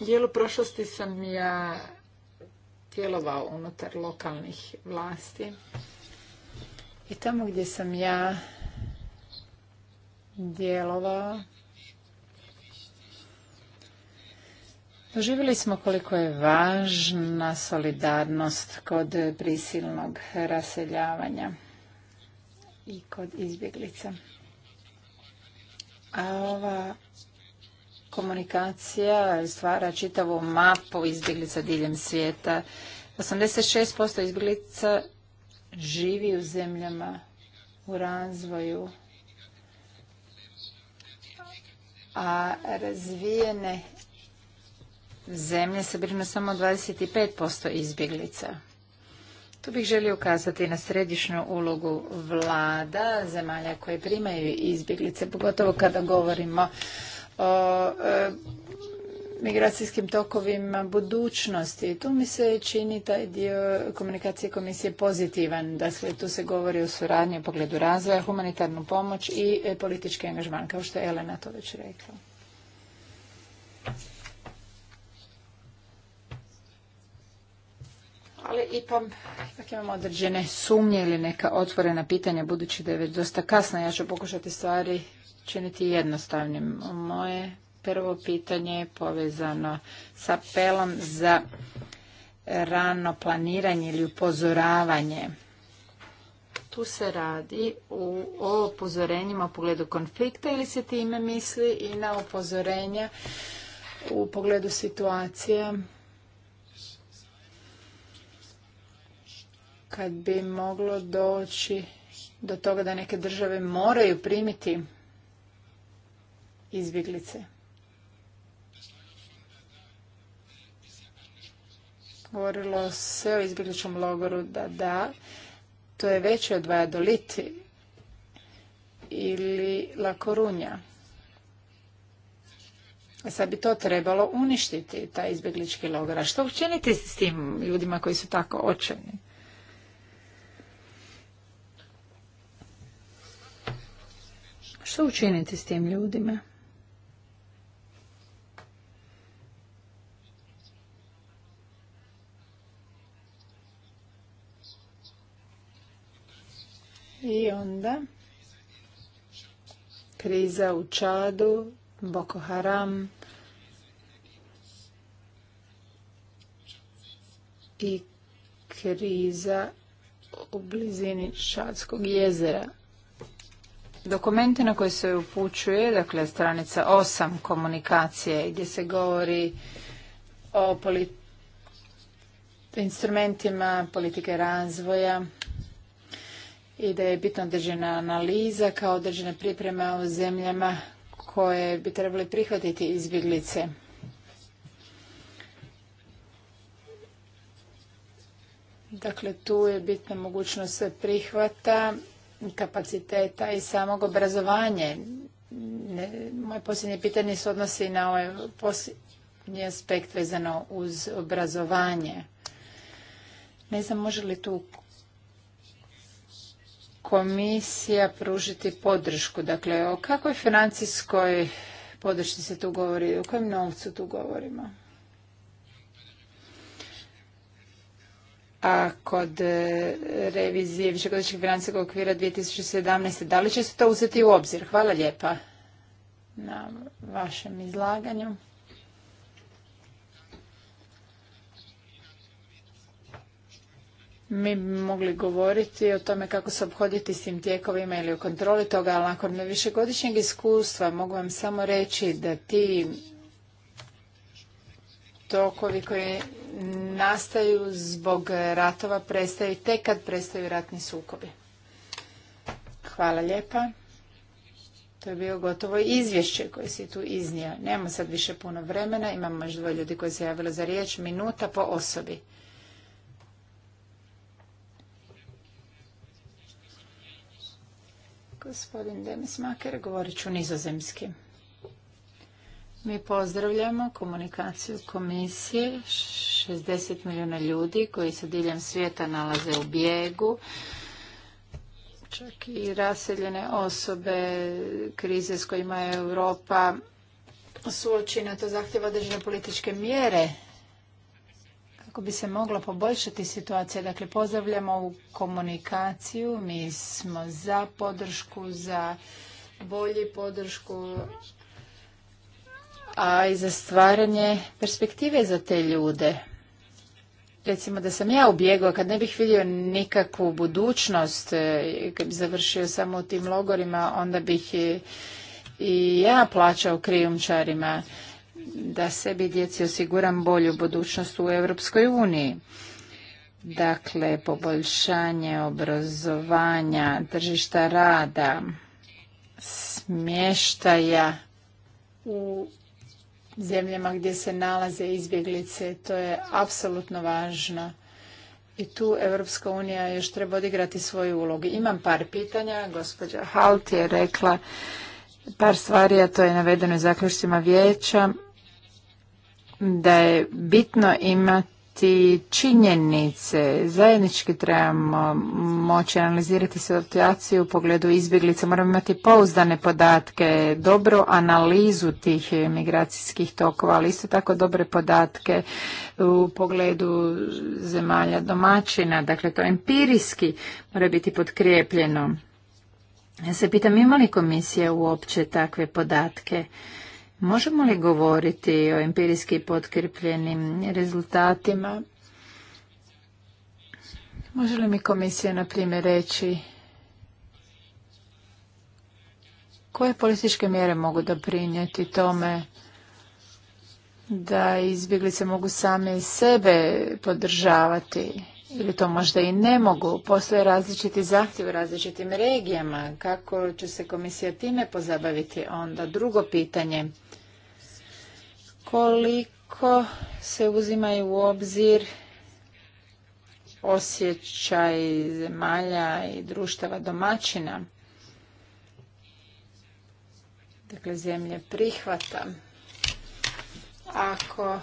Dijelu prošlosti sam ja djelovao unutar lokalnih vlasti i tamo gdje sam ja djelovao Doživjeli smo koliko je važna solidarnost kod prisilnog raseljavanja i kod izbjeglica. A ova komunikacija stvara čitavu mapu izbjeglica diljem svijeta. 86% izbjeglica živi u zemljama u razvoju, a razvijene zemlje se brinu samo 25% izbjeglica. Tu bih želio ukazati na središnju ulogu vlada zemalja koje primaju izbjeglice, pogotovo kada govorimo o e, migracijskim tokovima budućnosti. Tu mi se čini taj dio komunikacije komisije pozitivan. Dakle, tu se govori o suradnji u pogledu razvoja, humanitarnu pomoć i e, politički angažman, kao što je Elena to već rekla. ali ipak imamo određene sumnje ili neka otvorena pitanja, budući da je već dosta kasno, ja ću pokušati stvari činiti jednostavnim. Moje prvo pitanje je povezano sa apelom za rano planiranje ili upozoravanje. Tu se radi u, o upozorenjima u pogledu konflikta ili se time misli i na upozorenja u pogledu situacija kad bi moglo doći do toga da neke države moraju primiti izbjeglice. Govorilo se o izbjegličkom logoru da da, to je veće od Vajadoliti ili La Korunja. Sad bi to trebalo uništiti, taj izbjeglički logor. A što učiniti s tim ljudima koji su tako očajni? Što učiniti s tim ljudima? I onda kriza u Čadu, Boko Haram i kriza u blizini Čadskog jezera dokumente na koje se upućuje, dakle stranica 8 komunikacije gdje se govori o instrumentima politike razvoja i da je bitno određena analiza kao određena priprema u zemljama koje bi trebali prihvatiti izbjeglice. Dakle, tu je bitna mogućnost prihvata kapaciteta i samog obrazovanja. Moje posljednje pitanje se odnosi na ovaj posljednji aspekt vezano uz obrazovanje. Ne znam može li tu komisija pružiti podršku. Dakle, o kakvoj financijskoj podršci se tu govori, o kojem novcu tu govorimo? a kod e, revizije višegodišnjeg financijskog okvira 2017. Da li će se to uzeti u obzir? Hvala lijepa na vašem izlaganju. Mi mogli govoriti o tome kako se obhoditi s tim tijekovima ili o kontroli toga, ali nakon višegodišnjeg iskustva mogu vam samo reći da ti tokovi koji nastaju zbog ratova prestaju tek kad prestaju ratni sukobi. Hvala lijepa. To je bio gotovo izvješće koje si tu iznio. Nemamo sad više puno vremena, imamo još dvoje ljudi koji se javilo za riječ, minuta po osobi. Gospodin Demis Maker, govorit ću nizozemski. Mi pozdravljamo komunikaciju komisije, 60 milijuna ljudi koji se diljem svijeta nalaze u bijegu, čak i raseljene osobe, krize s kojima je Europa suočena, to zahtjeva određene političke mjere kako bi se mogla poboljšati situacija. Dakle, pozdravljamo ovu komunikaciju, mi smo za podršku, za bolji podršku a i za stvaranje perspektive za te ljude. Recimo da sam ja ubjegao kad ne bih vidio nikakvu budućnost, e, kad bi završio samo u tim logorima, onda bih i ja plaćao krijumčarima da sebi djeci osiguram bolju budućnost u Europskoj uniji. Dakle, poboljšanje obrazovanja, tržišta rada, smještaja u zemljama gdje se nalaze izbjeglice. To je apsolutno važno. I tu Europska unija još treba odigrati svoju ulogu. Imam par pitanja. Gospođa Halt je rekla par stvari, a to je navedeno u zaključcima vijeća, da je bitno imati činjenice. Zajednički trebamo moći analizirati situaciju u pogledu izbjeglica. Moramo imati pouzdane podatke, dobru analizu tih migracijskih tokova, ali isto tako dobre podatke u pogledu zemalja domaćina. Dakle, to empirijski mora biti podkrijepljeno. Ja se pitam ima li komisija uopće takve podatke? Možemo li govoriti o empirijski potkripljenim rezultatima? Može li mi komisija, na primjer, reći koje političke mjere mogu doprinijeti tome da izbjeglice mogu same sebe podržavati ili to možda i ne mogu. Postoje različiti zahtjev u različitim regijama. Kako će se komisija time pozabaviti? Onda drugo pitanje koliko se uzimaju u obzir osjećaj zemalja i društava domaćina, dakle zemlje prihvata, ako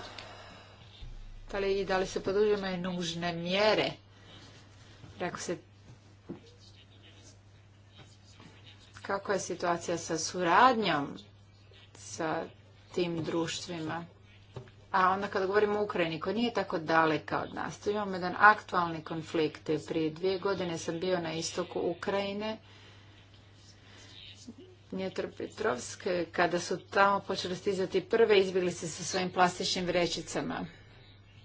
da li, da li se i nužne mjere, dakle, se kako je situacija sa suradnjom sa tim društvima. A onda kada govorimo o Ukrajini, koja nije tako daleka od nas, tu imamo jedan aktualni konflikt. Prije dvije godine sam bio na istoku Ukrajine, Njetropetrovsk, kada su tamo počeli stizati prve se sa svojim plastičnim vrećicama.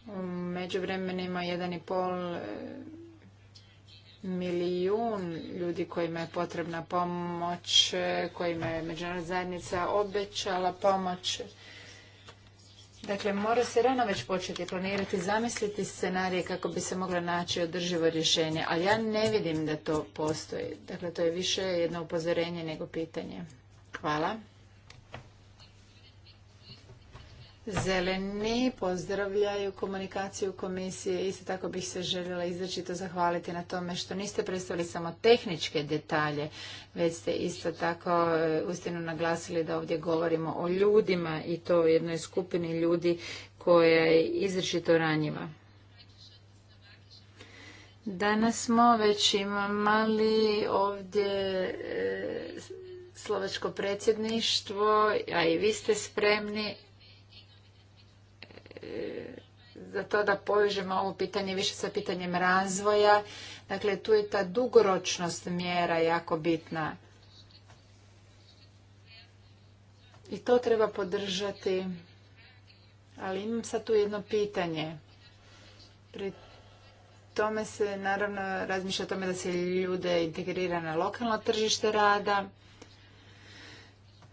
U međuvremenima jedan i pol milijun ljudi kojima je potrebna pomoć, kojima je međunarodna zajednica obećala pomoć. Dakle, mora se rano već početi planirati, zamisliti scenarije kako bi se moglo naći održivo rješenje, ali ja ne vidim da to postoji. Dakle, to je više jedno upozorenje nego pitanje. Hvala. Zeleni pozdravljaju komunikaciju komisije. Isto tako bih se željela izračito zahvaliti na tome što niste predstavili samo tehničke detalje, već ste isto tako e, ustinu naglasili da ovdje govorimo o ljudima i to o jednoj skupini ljudi koja je izračito ranjiva. Danas smo već imali ovdje e, slovačko predsjedništvo, a i vi ste spremni za to da povežemo ovo pitanje više sa pitanjem razvoja. Dakle, tu je ta dugoročnost mjera jako bitna. I to treba podržati. Ali imam sad tu jedno pitanje. Pri tome se naravno razmišlja o tome da se ljude integrira na lokalno tržište rada.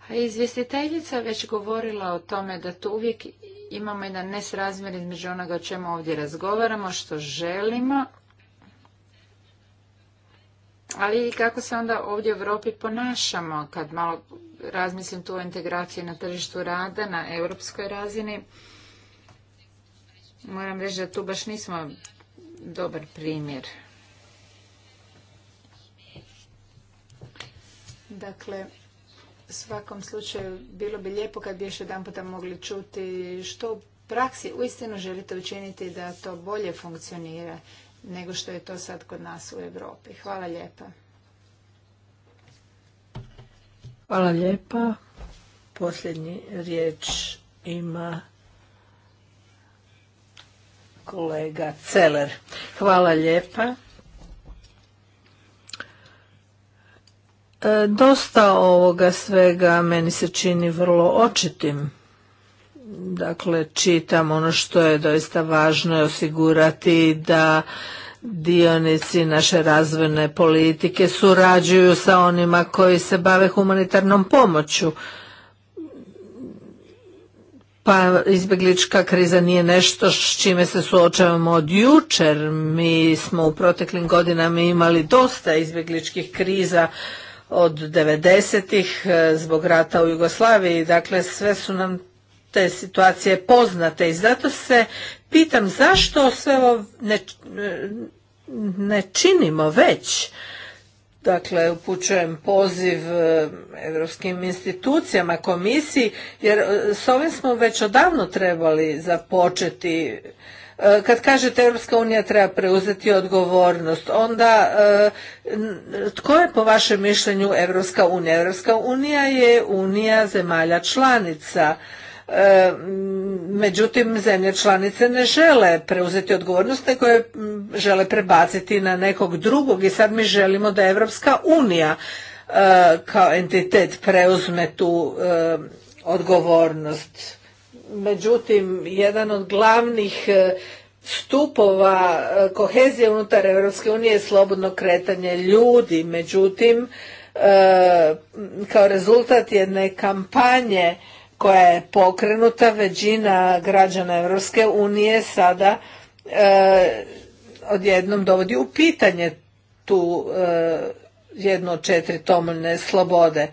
A izvjestiteljica već govorila o tome da tu uvijek imamo jedan nesrazmjer između onoga o čemu ovdje razgovaramo, što želimo, ali i kako se onda ovdje u Europi ponašamo kad malo razmislim tu o integraciji na tržištu rada na europskoj razini. Moram reći da tu baš nismo dobar primjer. Dakle, svakom slučaju bilo bi lijepo kad bi još jedan puta mogli čuti što u praksi uistinu želite učiniti da to bolje funkcionira nego što je to sad kod nas u Europi. Hvala lijepa. Hvala lijepa. Posljednji riječ ima kolega Celer. Hvala lijepa. E, dosta ovoga svega meni se čini vrlo očitim. Dakle, čitam ono što je doista važno je osigurati da dionici naše razvojne politike surađuju sa onima koji se bave humanitarnom pomoću. Pa izbjeglička kriza nije nešto s čime se suočavamo od jučer. Mi smo u proteklim godinama imali dosta izbjegličkih kriza od 90-ih eh, zbog rata u Jugoslaviji. Dakle, sve su nam te situacije poznate i zato se pitam zašto sve ovo ne, eh, ne činimo već. Dakle, upućujem poziv europskim eh, institucijama, komisiji, jer s ovim smo već odavno trebali započeti E, kad kažete Europska unija treba preuzeti odgovornost, onda e, tko je po vašem mišljenju Europska unija? Europska unija je unija zemalja članica. E, međutim, zemlje članice ne žele preuzeti odgovornost, nego je žele prebaciti na nekog drugog i sad mi želimo da Europska unija kao entitet preuzme tu odgovornost međutim jedan od glavnih e, stupova e, kohezije unutar Europske unije je slobodno kretanje ljudi. Međutim, e, kao rezultat jedne kampanje koja je pokrenuta, većina građana Europske unije sada odjednom dovodi u pitanje tu jednu od četiri tomljne slobode.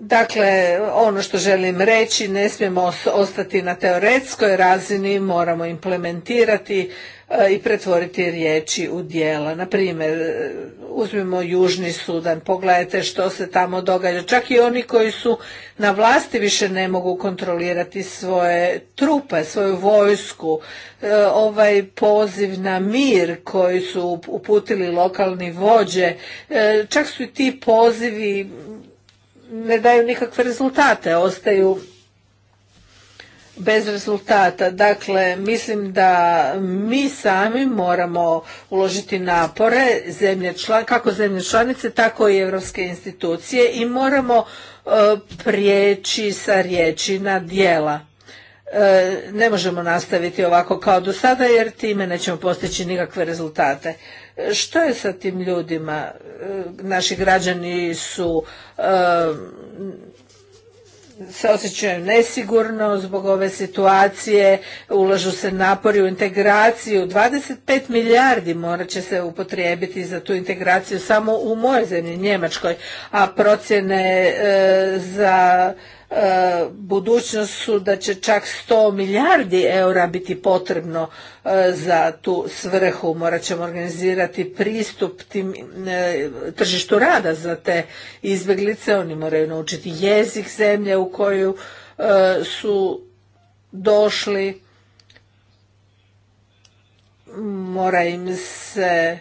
Dakle, ono što želim reći, ne smijemo ostati na teoretskoj razini, moramo implementirati e, i pretvoriti riječi u dijela. Na primjer, e, uzmimo Južni Sudan, pogledajte što se tamo događa. Čak i oni koji su na vlasti više ne mogu kontrolirati svoje trupe, svoju vojsku. E, ovaj poziv na mir koji su uputili lokalni vođe, čak su i ti pozivi ne daju nikakve rezultate, ostaju bez rezultata. Dakle, mislim da mi sami moramo uložiti napore zemlje član, kako zemlje članice, tako i europske institucije i moramo e, prijeći sa riječi na dijela. E, ne možemo nastaviti ovako kao do sada jer time nećemo postići nikakve rezultate. Što je sa tim ljudima? E, naši građani su e, se osjećaju nesigurno zbog ove situacije, ulažu se napori u integraciju. 25 milijardi morat će se upotrijebiti za tu integraciju samo u mojoj zemlji, Njemačkoj, a procjene e, za E, budućnost su da će čak 100 milijardi eura biti potrebno e, za tu svrhu. Morat ćemo organizirati pristup tim e, tržištu rada za te izbjeglice. Oni moraju naučiti jezik zemlje u koju su došli. Mora im se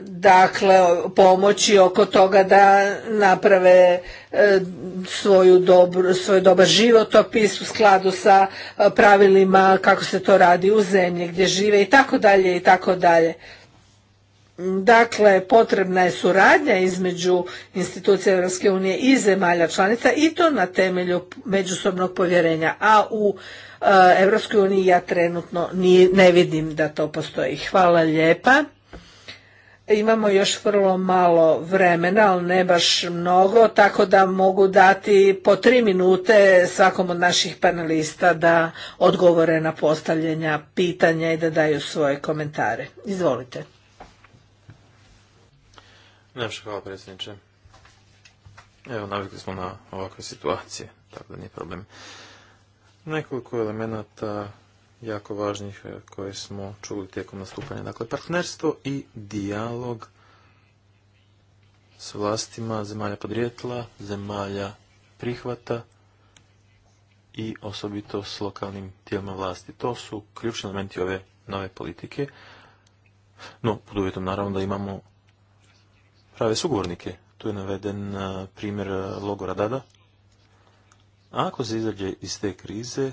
dakle pomoći oko toga da naprave e, svoju svoj dobar životopis u skladu sa e, pravilima kako se to radi u zemlji gdje žive i tako dalje i tako dalje. Dakle, potrebna je suradnja između institucija Europske unije i zemalja članica i to na temelju međusobnog povjerenja, a u e, Europskoj uniji ja trenutno ne vidim da to postoji. Hvala lijepa. Imamo još vrlo malo vremena, ali ne baš mnogo, tako da mogu dati po tri minute svakom od naših panelista da odgovore na postavljenja pitanja i da daju svoje komentare. Izvolite. Najpša hvala predsjedniče. Evo, navikli smo na ovakve situacije, tako da nije problem. Nekoliko elemenata jako važnih eh, koje smo čuli tijekom nastupanja. Dakle, partnerstvo i dijalog s vlastima zemalja podrijetla, zemalja prihvata i osobito s lokalnim tijelima vlasti. To su ključni elementi ove nove politike. No, pod uvjetom naravno da imamo prave sugovornike. Tu je naveden eh, primjer eh, logora Dada. ako se izađe iz te krize,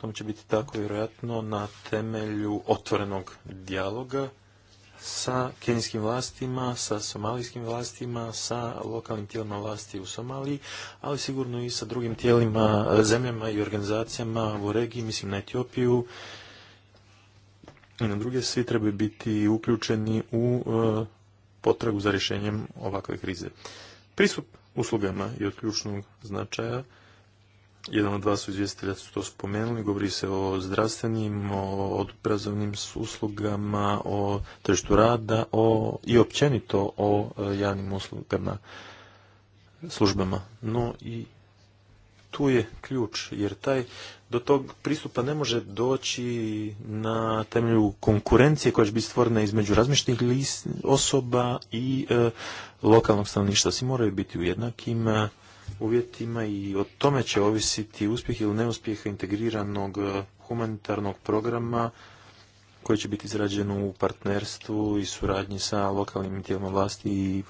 Tom će biti tako vjerojatno na temelju otvorenog dijaloga sa kenijskim vlastima, sa somalijskim vlastima, sa lokalnim tijelima vlasti u Somaliji, ali sigurno i sa drugim tijelima, zemljama i organizacijama u regiji, mislim na Etiopiju i na druge, svi trebaju biti uključeni u e, potragu za rješenjem ovakve krize. Pristup uslugama je od ključnog značaja jedan od vas izvjestitelja su to spomenuli, govori se o zdravstvenim, o obrazovnim uslugama, o tržištu rada o, i općenito o e, javnim uslugama, službama. No i tu je ključ, jer taj do tog pristupa ne može doći na temelju konkurencije koja će biti stvorena između razmišljenih osoba i e, lokalnog stanovništva. Svi moraju biti u jednakim uvjetima i o tome će ovisiti uspjeh ili neuspjeh integriranog e, humanitarnog programa koji će biti izrađen u partnerstvu i suradnji sa lokalnim tijelima vlasti i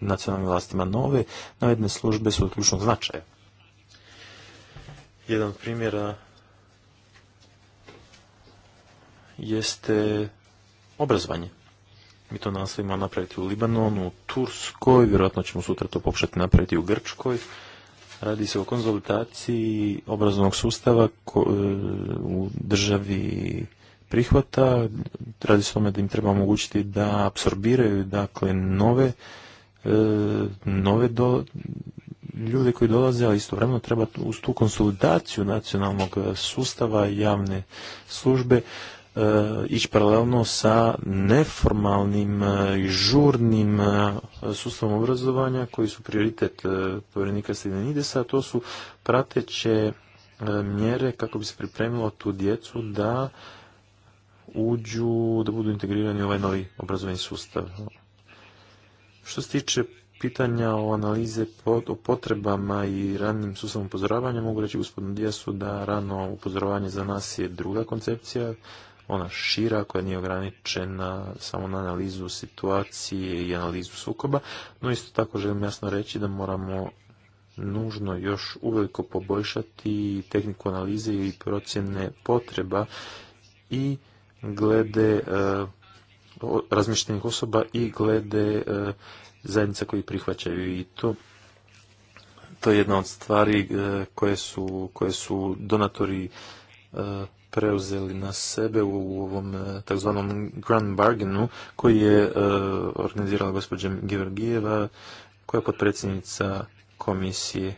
nacionalnim vlastima nove. Navedne službe su od ključnog značaja. Jedan od primjera jeste obrazovanje. Mi to nastavimo napraviti u Libanonu, u Turskoj, vjerojatno ćemo sutra to pokušati napraviti u Grčkoj. Radi se o konzultaciji obrazovnog sustava e, u državi prihvata. Radi se o tome da im treba omogućiti da apsorbiraju dakle nove, e, nove do, ljude koji dolaze, ali istovremeno treba uz tu konsolidaciju nacionalnog sustava javne službe E, ići paralelno sa neformalnim e, i žurnim e, sustavom obrazovanja koji su prioritet povjerenika Stidenidesa, a to su prateće mjere kako bi se pripremilo tu djecu da uđu, da budu integrirani u ovaj novi obrazovni sustav. Što se tiče pitanja o analize o potrebama i ranim sustavom upozoravanja, mogu reći gospodinu Dijasu da rano upozoravanje za nas je druga koncepcija ona šira koja nije ograničena samo na analizu situacije i analizu sukoba, no isto tako želim jasno reći da moramo nužno još uveliko poboljšati tehniku analize i procjene potreba i glede e, razmišljenih osoba i glede e, zajednica koji prihvaćaju i to to je jedna od stvari e, koje su, koje su donatori preuzeli na sebe u ovom e, takzvanom Grand Bargainu koji je e, organizirala gospođa Georgijeva koja je potpredsjednica komisije.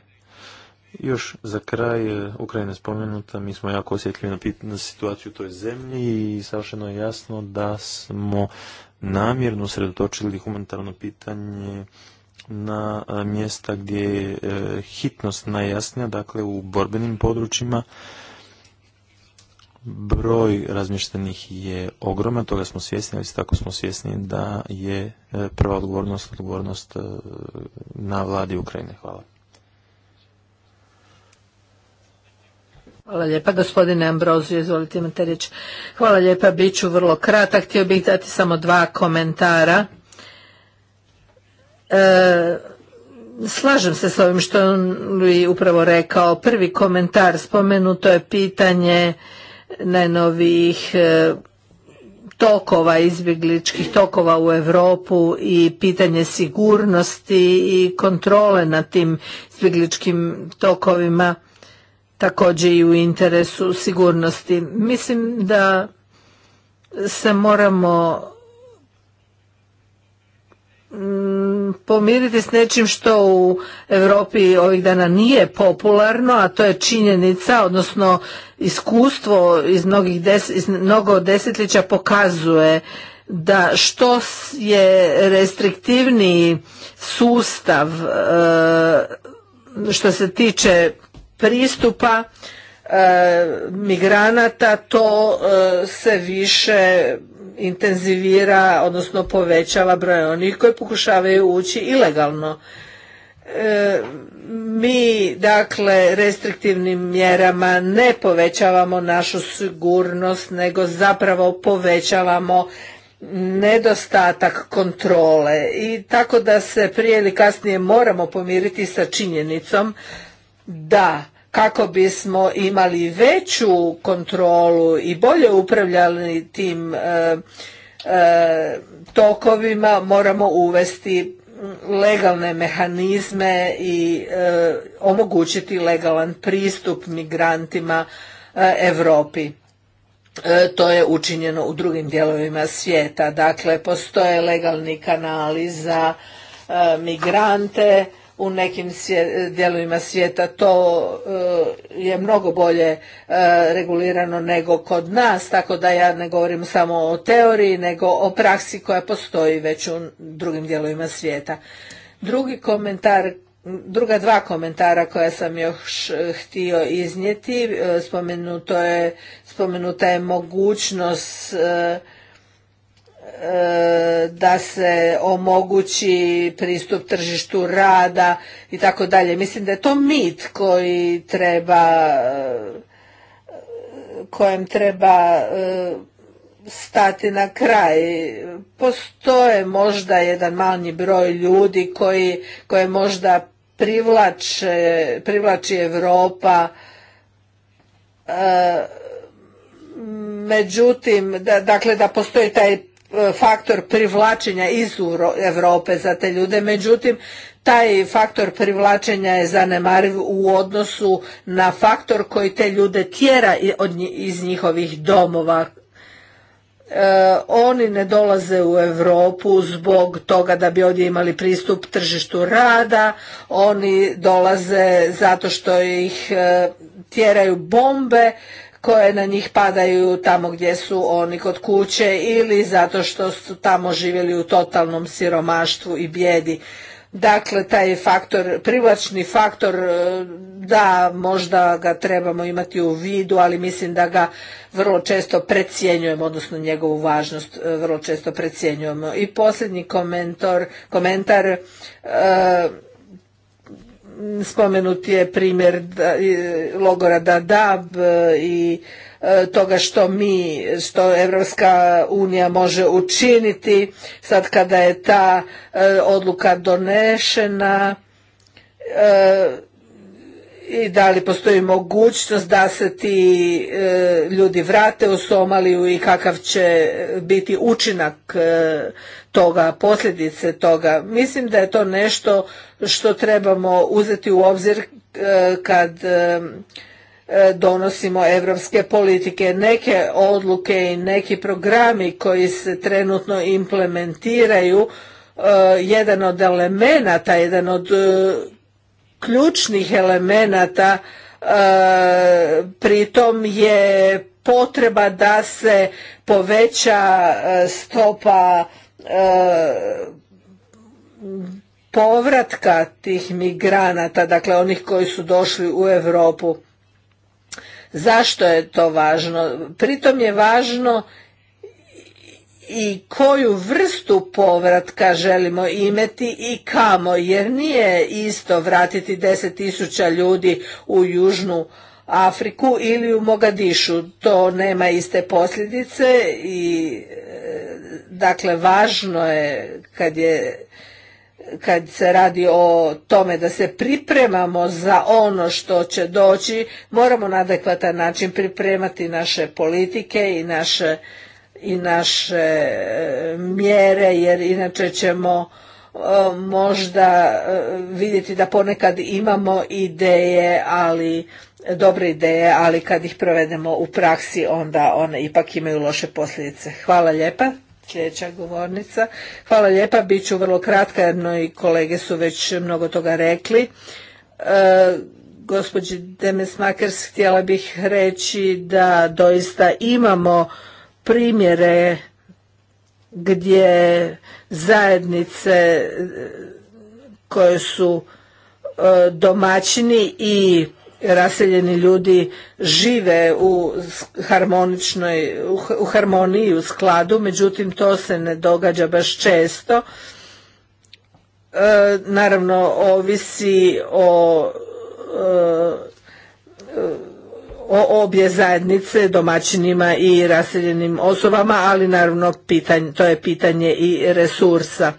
Još za kraj, e, Ukrajina je spomenuta, mi smo jako osjetljivi na situaciju u toj zemlji i savršeno je jasno da smo namjerno sredotočili humanitarno pitanje na mjesta gdje je hitnost najjasnija, dakle u borbenim područjima broj razmještenih je ogroman, toga smo svjesni, ali tako smo svjesni da je e, prva odgovornost odgovornost e, na vladi Ukrajine. Hvala. Hvala lijepa, gospodine Ambrozu, izvolite imate riječ. Hvala lijepa, bit ću vrlo kratak, htio bih dati samo dva komentara. E, slažem se s ovim što je upravo rekao. Prvi komentar spomenuto je pitanje najnovijih e, tokova, izbjegličkih tokova u Europu i pitanje sigurnosti i kontrole nad tim izbjegličkim tokovima također i u interesu sigurnosti. Mislim da se moramo pomiriti s nečim što u Europi ovih dana nije popularno, a to je činjenica, odnosno iskustvo iz, mnogih des, iz mnogo desetljeća pokazuje da što je restriktivniji sustav e, što se tiče pristupa e, migranata to e, se više intenzivira, odnosno povećava broj onih koji pokušavaju ući ilegalno. E, mi, dakle, restriktivnim mjerama ne povećavamo našu sigurnost, nego zapravo povećavamo nedostatak kontrole i tako da se prije ili kasnije moramo pomiriti sa činjenicom da kako bismo imali veću kontrolu i bolje upravljali tim e, e, tokovima moramo uvesti legalne mehanizme i e, omogućiti legalan pristup migrantima Europi. To je učinjeno u drugim dijelovima svijeta. Dakle, postoje legalni kanali za migrante u nekim dijelovima svijeta to e, je mnogo bolje e, regulirano nego kod nas, tako da ja ne govorim samo o teoriji, nego o praksi koja postoji već u drugim dijelovima svijeta. Drugi komentar Druga dva komentara koja sam još e, htio iznijeti, spomenuto je, spomenuta je mogućnost da se omogući pristup tržištu rada i tako dalje. Mislim da je to mit koji treba kojem treba e, stati na kraj. Postoje možda jedan manji broj ljudi koji, koje možda privlače, privlači Europa e, međutim, da, dakle da postoji taj E, faktor privlačenja iz Europe za te ljude, međutim taj faktor privlačenja je zanemariv u odnosu na faktor koji te ljude tjera iz njihovih domova. E, oni ne dolaze u Europu zbog toga da bi ovdje imali pristup tržištu rada, oni dolaze zato što ih e, tjeraju bombe, koje na njih padaju tamo gdje su oni kod kuće ili zato što su tamo živjeli u totalnom siromaštvu i bjedi. Dakle, taj faktor, privlačni faktor, e, da, možda ga trebamo imati u vidu, ali mislim da ga vrlo često precijenjujemo, odnosno njegovu važnost e, vrlo često precijenjujemo. I posljednji komentar, e, spomenut je primjer logora Dadab i e, e, toga što mi, što Evropska unija može učiniti. Sad kada je ta e, odluka donešena i da li postoji mogućnost da se ti ljudi vrate u Somaliju i kakav će biti učinak toga, posljedice toga. Mislim da je to nešto što trebamo uzeti u obzir e, kad e, e, donosimo evropske politike. Neke odluke i neki programi koji se trenutno implementiraju, jedan od elemenata, jedan od ključnih elemenata pritom je potreba da se poveća stopa E, povratka tih migranata, dakle onih koji su došli u Europu. Zašto je to važno? Pritom je važno i koju vrstu povratka želimo imeti i kamo, jer nije isto vratiti tisuća ljudi u Južnu Afriku ili u Mogadišu. To nema iste posljedice i e, dakle važno je kad je kad se radi o tome da se pripremamo za ono što će doći, moramo na adekvatan način pripremati naše politike i naše, i naše e, mjere, jer inače ćemo možda e, vidjeti da ponekad imamo ideje, ali dobre ideje, ali kad ih provedemo u praksi onda one ipak imaju loše posljedice. Hvala lijepa. Sljedeća govornica. Hvala lijepa, bit ću vrlo kratka jer i kolege su već mnogo toga rekli. E, gospođi Demes Makers htjela bih reći da doista imamo primjere gdje zajednice e, koje su e, domaćini i raseljeni ljudi žive u harmoničnoj u harmoniji u skladu međutim to se ne događa baš često e, naravno ovisi o obje zajednice domaćinima i raseljenim osobama, ali naravno pitanje, to je pitanje i resursa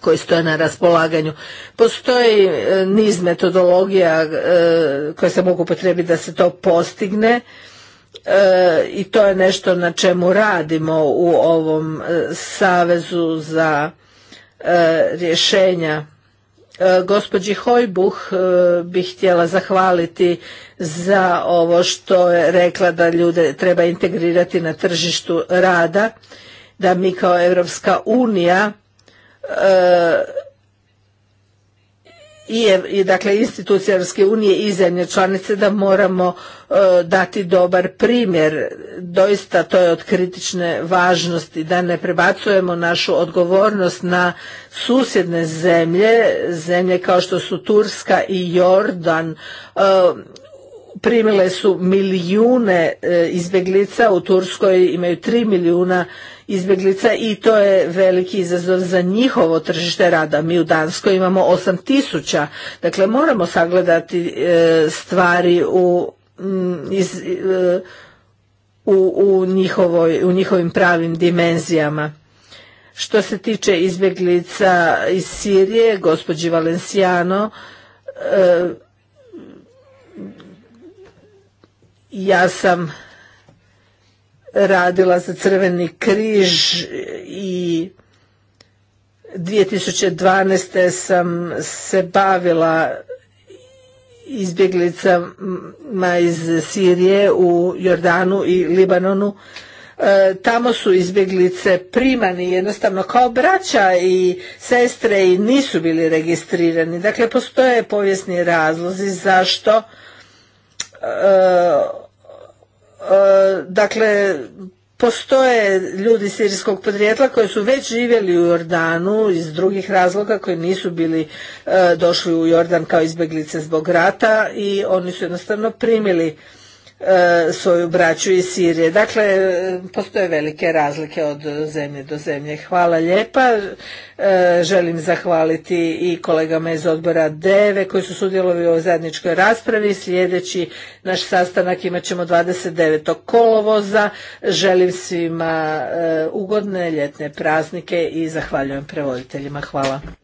koji stoje na raspolaganju. Postoji e, niz metodologija e, koje se mogu potrebiti da se to postigne e, i to je nešto na čemu radimo u ovom Savezu za rješenja E, gospođi Hojbuh e, bih htjela zahvaliti za ovo što je rekla da ljude treba integrirati na tržištu rada, da mi kao Europska unija e, i, i dakle institucije unije i zemlje članice da moramo e, dati dobar primjer. Doista to je od kritične važnosti da ne prebacujemo našu odgovornost na susjedne zemlje, zemlje kao što su Turska i Jordan. E, primile su milijune e, izbjeglica, u Turskoj imaju tri milijuna izbjeglica i to je veliki izazov za njihovo tržište rada. Mi u Danskoj imamo 8 tisuća, dakle moramo sagledati e, stvari u, e, u, u, njihovoj, u njihovim pravim dimenzijama. Što se tiče izbjeglica iz Sirije, gospođi Valenciano, ja sam radila za Crveni križ i 2012. sam se bavila izbjeglicama iz Sirije u Jordanu i Libanonu. E, tamo su izbjeglice primani jednostavno kao braća i sestre i nisu bili registrirani. Dakle, postoje povijesni razlozi zašto e, E, dakle postoje ljudi sirijskog podrijetla koji su već živjeli u Jordanu iz drugih razloga koji nisu bili e, došli u Jordan kao izbjeglice zbog rata i oni su jednostavno primili E, svoju braću iz Sirije. Dakle, postoje velike razlike od zemlje do zemlje. Hvala lijepa. E, želim zahvaliti i kolegama iz odbora DEVE koji su sudjelovali u ovoj zajedničkoj raspravi. Sljedeći naš sastanak imat ćemo 29. kolovoza. Želim svima e, ugodne ljetne praznike i zahvaljujem prevoditeljima. Hvala.